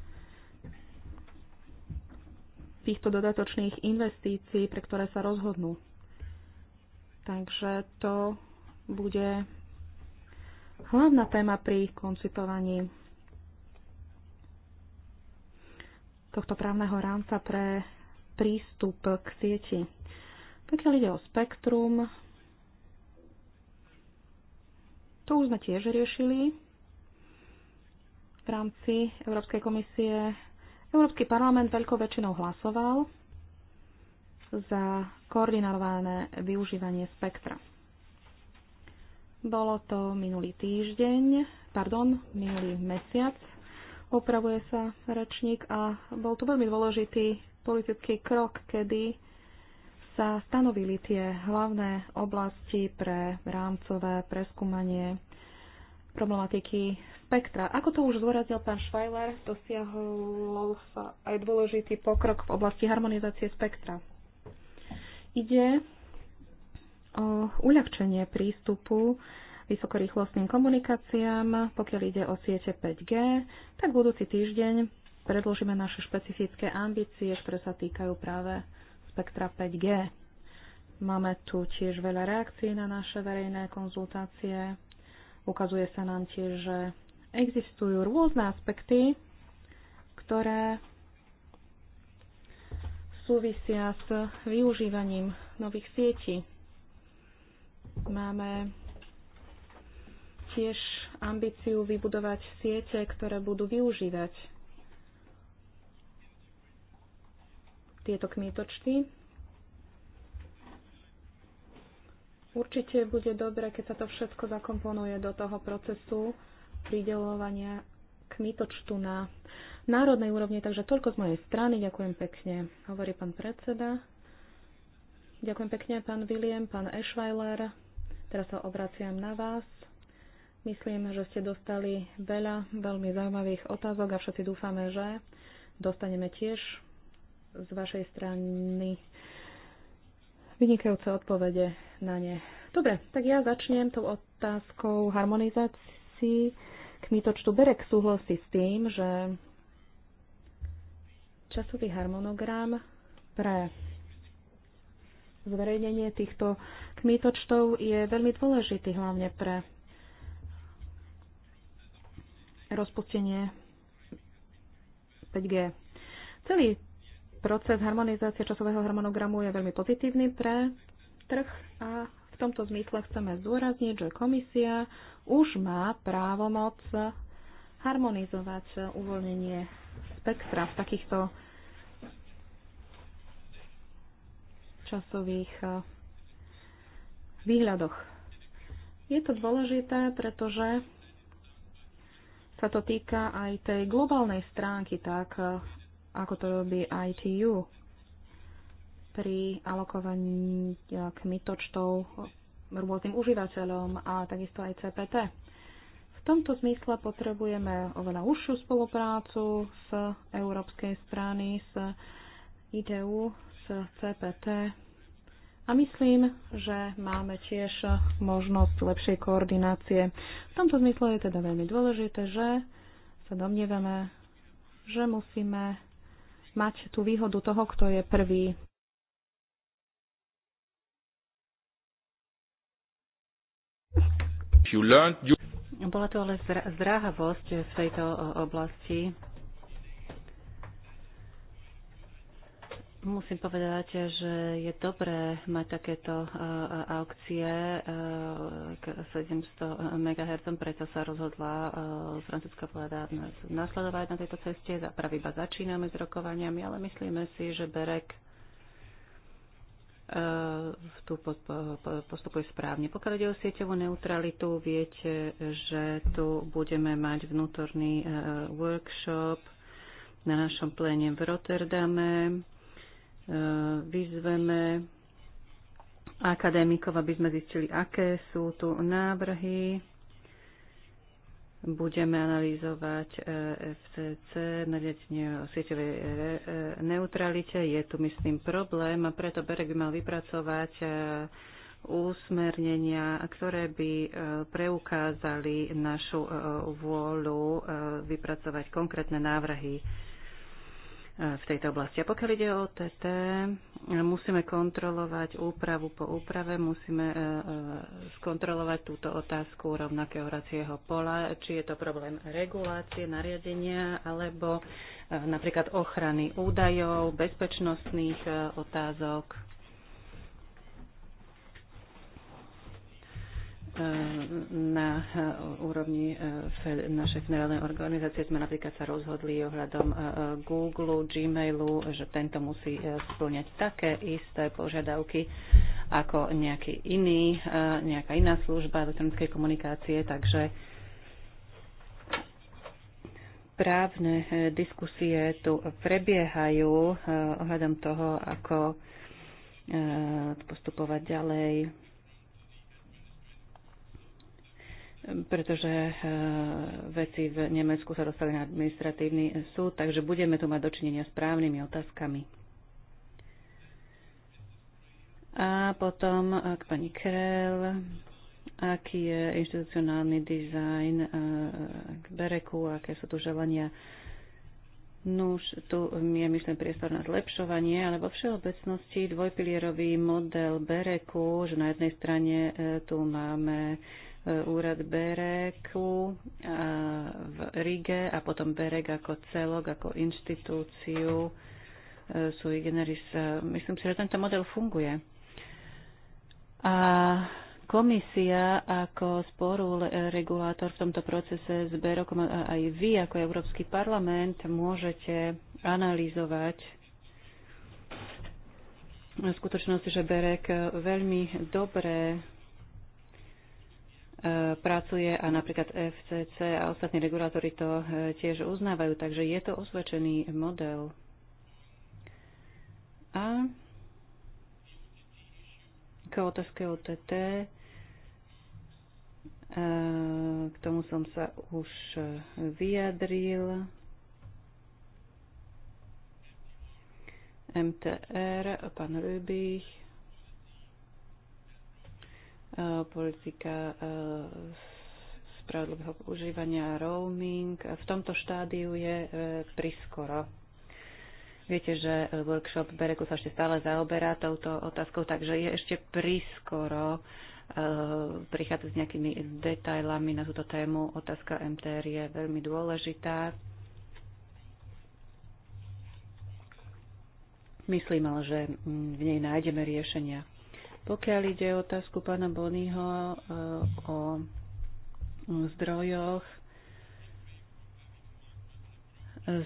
S4: týchto dodatočných investícií, pre ktoré sa rozhodnú. Takže to bude hlavná téma pri koncipovaní tohto právneho rámca pre prístup k sieti. Pokiaľ ide o spektrum, to už sme tiež riešili v rámci Európskej komisie Európsky parlament veľkou väčšinou hlasoval za koordinované využívanie spektra. Bolo to minulý týždeň, pardon, minulý mesiac, opravuje sa rečník a bol to veľmi dôležitý politický krok, kedy sa stanovili tie hlavné oblasti pre rámcové preskúmanie problematiky spektra. Ako to už zdôraznil pán Švajler, dosiahol sa aj dôležitý pokrok v oblasti harmonizácie spektra. Ide o uľahčenie prístupu vysokorýchlostným komunikáciám, pokiaľ ide o siete 5G, tak budúci týždeň predložíme naše špecifické ambície, ktoré sa týkajú práve spektra 5G. Máme tu tiež veľa reakcií na naše verejné konzultácie Ukazuje sa nám tiež, že existujú rôzne aspekty, ktoré súvisia s využívaním nových sietí. Máme tiež ambíciu vybudovať siete, ktoré budú využívať tieto kmietočty Určite bude dobre, keď sa to všetko zakomponuje do toho procesu pridelovania kmitočtu na národnej úrovni. Takže toľko z mojej strany. Ďakujem pekne, hovorí pán predseda. Ďakujem pekne, pán William, pán Ešweiler. Teraz sa obraciam na vás. Myslím, že ste dostali veľa veľmi zaujímavých otázok a všetci dúfame, že dostaneme tiež z vašej strany vynikajúce odpovede na ne. Dobre, tak ja začnem tou otázkou harmonizácií. Kmitočtu Berek súhlasí s tým, že časový harmonogram pre zverejnenie týchto kmitočtov je veľmi dôležitý, hlavne pre rozpustenie 5G. Celý proces harmonizácie časového harmonogramu je veľmi pozitívny pre trh a v tomto zmysle chceme zdôrazniť, že komisia už má právomoc harmonizovať uvoľnenie spektra v takýchto časových eh, výhľadoch. Je to dôležité, pretože sa to týka aj tej globálnej stránky, tak eh, ako to robí ITU pri alokovaní eh, kmitočtov rôznym užívateľom a takisto aj CPT. V tomto zmysle potrebujeme oveľa užšiu spoluprácu s európskej strany, s ITU, s CPT. A myslím, že máme tiež možnosť lepšej koordinácie. V tomto zmysle je teda veľmi dôležité, že sa domnievame, že musíme mať tú výhodu toho, kto je prvý.
S2: Bola to ale zdráhavosť v tejto oblasti Musím povedať, že je dobré mať takéto e, e, aukcie e, k 700 MHz, preto sa rozhodla francúzska vláda nasledovať na tejto ceste. Práve iba začíname s rokovaniami, ale myslíme si, že Berek tu postupuje správne. Pokiaľ ide o sieťovú neutralitu, viete, že tu budeme mať vnútorný workshop na našom pléne v Rotterdame. E, vyzveme akadémikov, aby sme zistili, aké sú tu návrhy. Budeme analýzovať e, FCC, na o sieťovej e, neutralite. Je tu, myslím, problém a preto Berek by mal vypracovať úsmernenia, ktoré by preukázali našu vôľu vypracovať konkrétne návrhy v tejto oblasti. A pokiaľ ide o TT, musíme kontrolovať úpravu po úprave, musíme e, e, skontrolovať túto otázku rovnakého racieho pola, či je to problém regulácie, nariadenia, alebo e, napríklad ochrany údajov, bezpečnostných otázok na úrovni e, našej generálnej organizácie sme napríklad sa rozhodli ohľadom e, Google, Gmailu, že tento musí e, splňať také isté požiadavky ako nejaký iný, nejaká iná služba elektronickej komunikácie, takže právne diskusie tu prebiehajú ohľadom toho, ako postupovať ďalej pretože e, veci v Nemecku sa dostali na administratívny súd, takže budeme tu mať dočinenia s právnymi otázkami. A potom e, k pani Krell, aký je inštitucionálny dizajn e, k Bereku, aké sú tu želania. už tu je myslím priestor na zlepšovanie, ale vo všeobecnosti dvojpilierový model Bereku, že na jednej strane tu máme úrad Bereku v Rige a potom Berek ako celok, ako inštitúciu e, sui generis. E, myslím si, že tento model funguje. A komisia ako sporu regulátor v tomto procese s Berokom aj vy ako Európsky parlament môžete analyzovať skutočnosti, že Berek veľmi dobre pracuje a napríklad FCC a ostatní regulátory to e, tiež uznávajú, takže je to osvedčený model. A k otázke OTT, e, k tomu som sa už vyjadril. MTR, pán Rubich, Eh, politika eh, spravodlivého používania roaming. V tomto štádiu je eh, priskoro. Viete, že workshop Bereku sa ešte stále zaoberá touto otázkou, takže je ešte priskoro prichádzať s nejakými detailami na túto tému. Otázka MTR je veľmi dôležitá. Myslím ale, že mm, v nej nájdeme riešenia. Pokiaľ ide o otázku pána Bonyho e, o zdrojoch,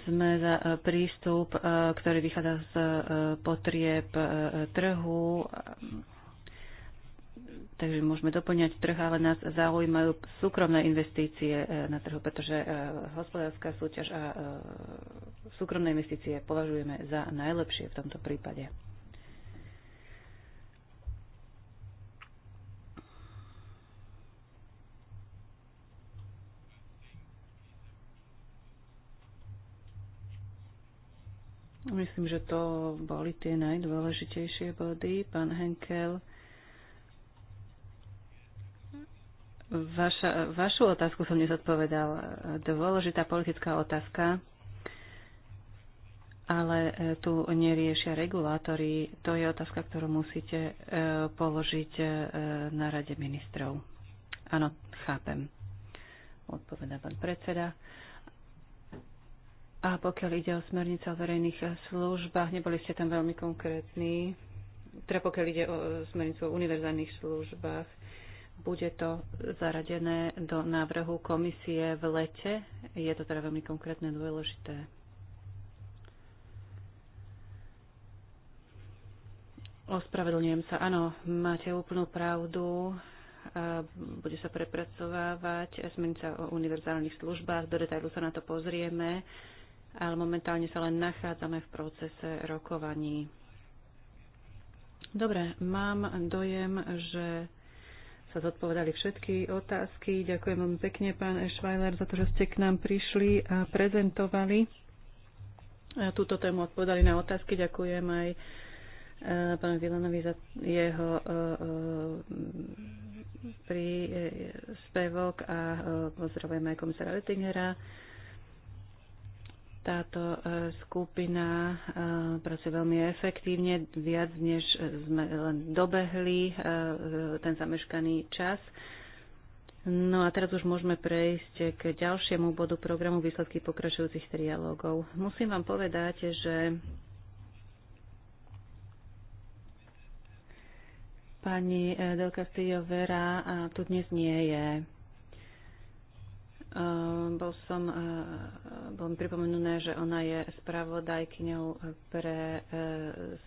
S2: sme za e, prístup, e, ktorý vychádza z potrieb trhu. Takže môžeme doplňať trh, ale nás zaujímajú súkromné investície na trhu, pretože hospodárska súťaž a súkromné investície považujeme za najlepšie v tomto prípade. Myslím, že to boli tie najdôležitejšie body. Pán Henkel, vaša, vašu otázku som nezodpovedal. Dôležitá politická otázka, ale tu neriešia regulátory. To je otázka, ktorú musíte e, položiť e, na Rade ministrov. Áno, chápem, odpoveda pán predseda. A pokiaľ ide o smernice o verejných službách, neboli ste tam veľmi konkrétni. Teda pokiaľ ide o e, smernicu o univerzálnych službách, bude to zaradené do návrhu komisie v lete. Je to teda veľmi konkrétne dôležité. Ospravedlňujem sa. Áno, máte úplnú pravdu. Bude sa prepracovávať smernica o univerzálnych službách. Do detailu sa na to pozrieme ale momentálne sa len nachádzame v procese rokovaní. Dobre, mám dojem, že sa zodpovedali všetky otázky. Ďakujem vám pekne, pán Ešvajler, za to, že ste k nám prišli a prezentovali a túto tému, odpovedali na otázky. Ďakujem aj e, pánovi Vilanovi za jeho e, e, príspevok a pozdravujem aj komisára Oettingera. Táto e, skupina e, pracuje veľmi efektívne, viac než e, sme len dobehli ten zameškaný čas. No a teraz už môžeme prejsť k ďalšiemu bodu programu výsledky pokračujúcich trialógov. Musím vám povedať, že pani Del Castillo Vera tu dnes nie je Ehm, bol som, eh, bol mi pripomenuté, že ona je spravodajkyňou pre eh,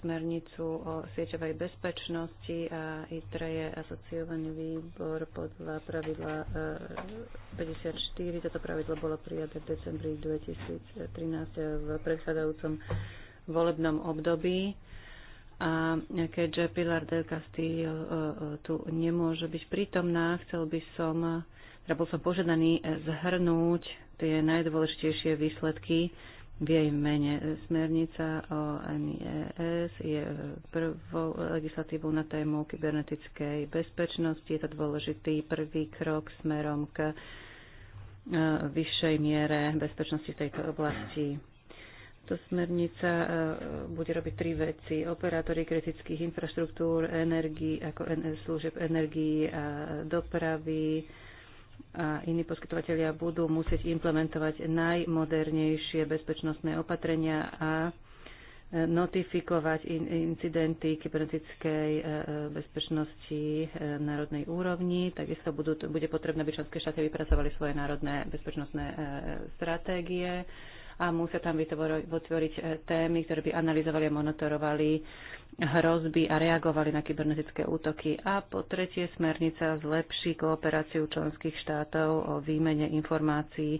S2: smernicu o sieťovej bezpečnosti a ITRE je asociovaný výbor podľa pravidla 54. Eh, Toto pravidlo bolo prijaté v decembri 2013 v predchádzajúcom volebnom období. A keďže Pilar del Castillo tu nemôže byť prítomná, chcel by som ja bol som požiadaný eh, zhrnúť tie najdôležitejšie výsledky v jej mene. Smernica o NIES je eh, prvou legislatívou na tému kybernetickej bezpečnosti. Je to dôležitý prvý krok smerom k eh, vyššej miere bezpečnosti v tejto oblasti. To smernica bude robiť tri veci. Operátori kritických infraštruktúr, energii, ako e služieb energii a dopravy, a iní poskytovateľia budú musieť implementovať najmodernejšie bezpečnostné opatrenia a e, notifikovať incidenty kybernetickej e, e, bezpečnosti národnej úrovni. Takisto budú, bude potrebné, aby členské štáty vypracovali svoje národné bezpečnostné stratégie a musia tam vytvoriť e, témy, ktoré by analyzovali a monitorovali hrozby a reagovali na kybernetické útoky. A po tretie, smernica zlepší kooperáciu členských štátov o výmene informácií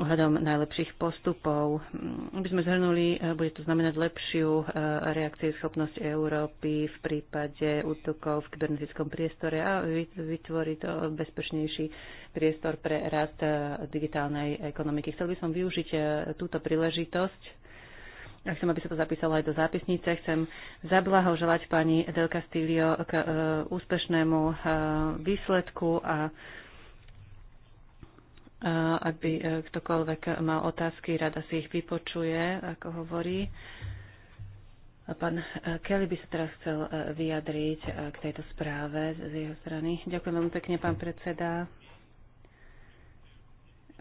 S2: ohľadom najlepších postupov. Mm, by sme zhrnuli, e, bude to znamenať lepšiu e, reakciu schopnosť Európy v prípade útokov v kybernetickom priestore a vytvorí to bezpečnejší priestor pre rast e, digitálnej ekonomiky. Chcel by som využiť túto príležitosť a chcem, aby sa to zapísalo aj do zápisnice. Chcem zablahoželať pani Del Castillo k úspešnému výsledku a ak by e, ktokoľvek mal otázky, rada si ich vypočuje, ako hovorí. Pán e, Kelly by sa teraz chcel e, vyjadriť k tejto správe z jeho strany. Ďakujem veľmi pekne, pán predseda.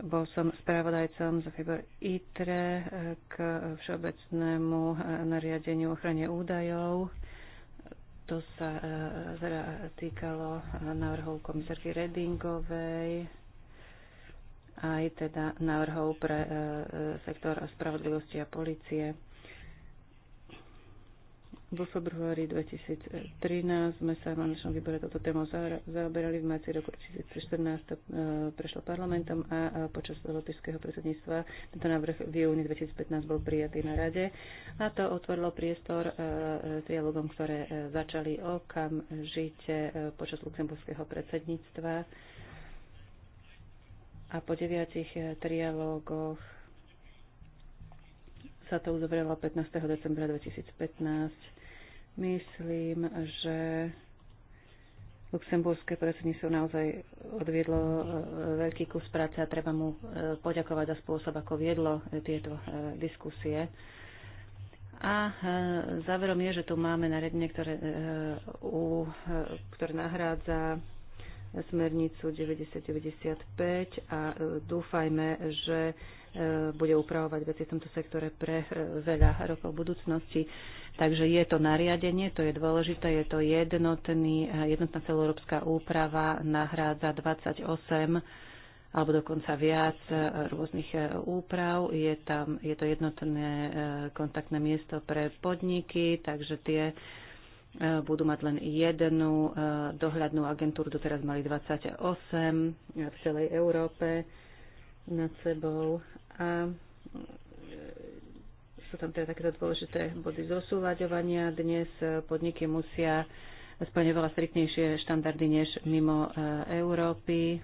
S2: Bol som spravodajcom za výbor ITRE k všeobecnému nariadeniu ochrane údajov. To sa týkalo návrhov komisárky Redingovej aj teda návrhov pre e, e, sektor spravodlivosti a policie. Vo februári 2013 sme sa na našom výbore toto tému zaoberali. V marci roku 2014 e, prešlo parlamentom a počas lotyšského predsedníctva tento návrh v júni 2015 bol prijatý na rade a to otvorilo priestor dialogom, ktoré začali okamžite počas luxemburského predsedníctva a po deviatich eh, trialógoch sa to uzavrelo 15. decembra 2015. Myslím, že luxemburské predsedníctvo naozaj odviedlo eh, veľký kus práce a treba mu eh, poďakovať za spôsob, ako viedlo tieto diskusie. A záverom je, že tu máme nariadenie, ktoré, ktoré nahrádza smernicu 995 a e, dúfajme, že e, bude upravovať veci v tomto sektore pre e, veľa rokov budúcnosti. Takže je to nariadenie, to je dôležité, je to jednotný, jednotná celoeurópska úprava, nahrádza 28 alebo dokonca viac rôznych úprav. Je, tam, je to jednotné kontaktné miesto pre podniky, takže tie Eh, budú mať len jednu eh, dohľadnú agentúru, doteraz mali 28 eh, v celej Európe nad sebou. A sú tam teda takéto dôležité body zosúľaďovania. Dnes podniky musia splňovať veľa striktnejšie štandardy než mimo Európy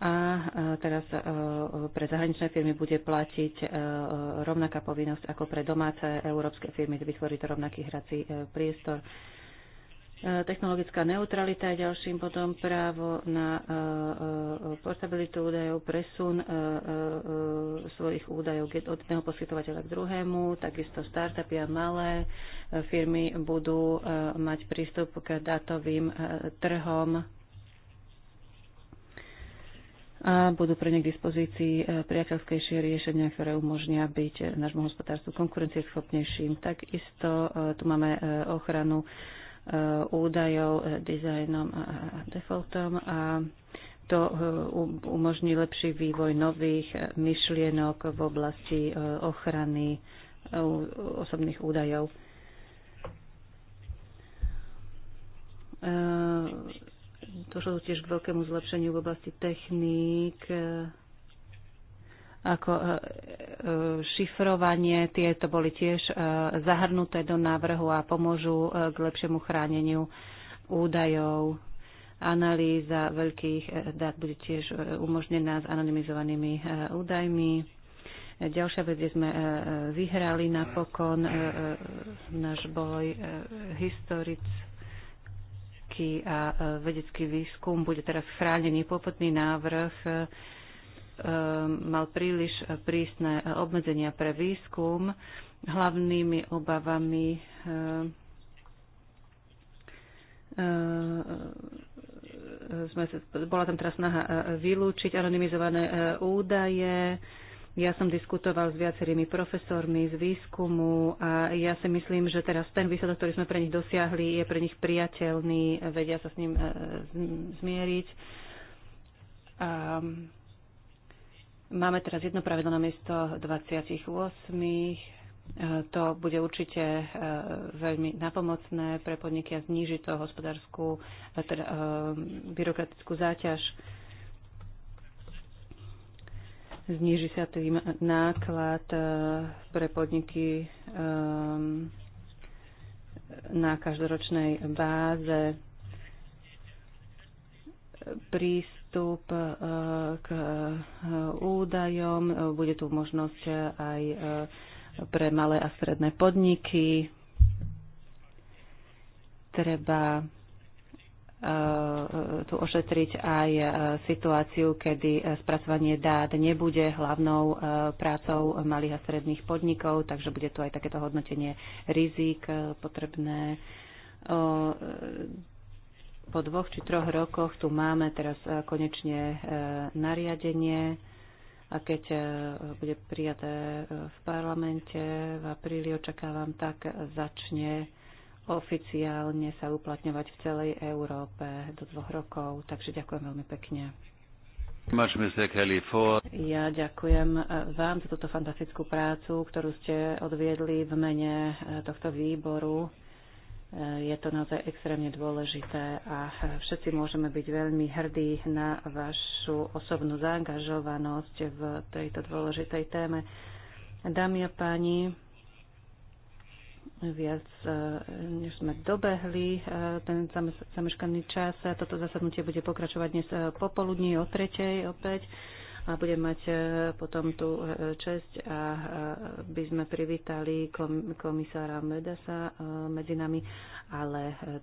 S2: a e, teraz e, pre zahraničné firmy bude platiť e, rovnaká povinnosť ako pre domáce európske firmy, vytvorí to rovnaký hrací priestor. Technologická neutralita je ďalším potom právo na portabilitu údajov, presun svojich údajov od jedného poskytovateľa k druhému, takisto startupy a malé firmy budú mať prístup k dátovým trhom a budú pre ne k dispozícii e, priateľskejšie riešenia, ktoré umožnia byť nášmu hospodárstvu konkurencieschopnejším. Takisto e, tu máme e, ochranu údajov, dizajnom a defaultom a to umožní lepší vývoj nových myšlienok v oblasti ochrany osobných údajov došlo tiež k veľkému zlepšeniu v oblasti techník, e, ako e, e, šifrovanie, tieto boli tiež zahrnuté do návrhu a pomôžu k lepšiemu chráneniu údajov. Analýza veľkých dát bude tiež umožnená s anonymizovanými údajmi. Ďalšia vec, kde sme vyhrali napokon náš boj historic vedecký a e, vedecký výskum bude teraz chránený. Pôvodný návrh e, e, mal príliš prísne obmedzenia pre výskum. Hlavnými obavami sme, bola tam teraz snaha vylúčiť anonymizované údaje, ja som diskutoval s viacerými profesormi z výskumu a ja si myslím, že teraz ten výsledok, ktorý sme pre nich dosiahli, je pre nich priateľný, vedia sa s ním e, zmieriť. A máme teraz jedno pravidlo na miesto 28. E, to bude určite e, veľmi napomocné pre podniky a zniží to hospodárskú, teda, byrokratickú záťaž zníži sa tým náklad e, pre podniky ehm, na každoročnej báze prístup e, k e, údajom, bude tu možnosť aj pre malé a stredné podniky. Treba tu ošetriť aj e, situáciu, kedy e, spracovanie dát nebude hlavnou e, prácou malých a stredných podnikov, takže bude tu aj takéto hodnotenie rizik potrebné. Po dvoch či troch rokoch tu máme teraz konečne nariadenie a keď bude prijaté v parlamente v apríli, očakávam, tak začne oficiálne sa uplatňovať v celej Európe do dvoch rokov. Takže ďakujem veľmi pekne. Ja ďakujem vám za túto fantastickú prácu, ktorú ste odviedli v mene eh, tohto výboru. Eh, je to naozaj extrémne dôležité a eh, všetci môžeme byť veľmi hrdí na vašu osobnú zaangažovanosť v tejto dôležitej téme. Dámy a páni, viac, e, než sme dobehli e, ten zameškaný čas. E, toto zasadnutie bude pokračovať dnes popoludní o tretej opäť a budem mať potom tú čest a by sme privítali komisára Medasa medzi nami, ale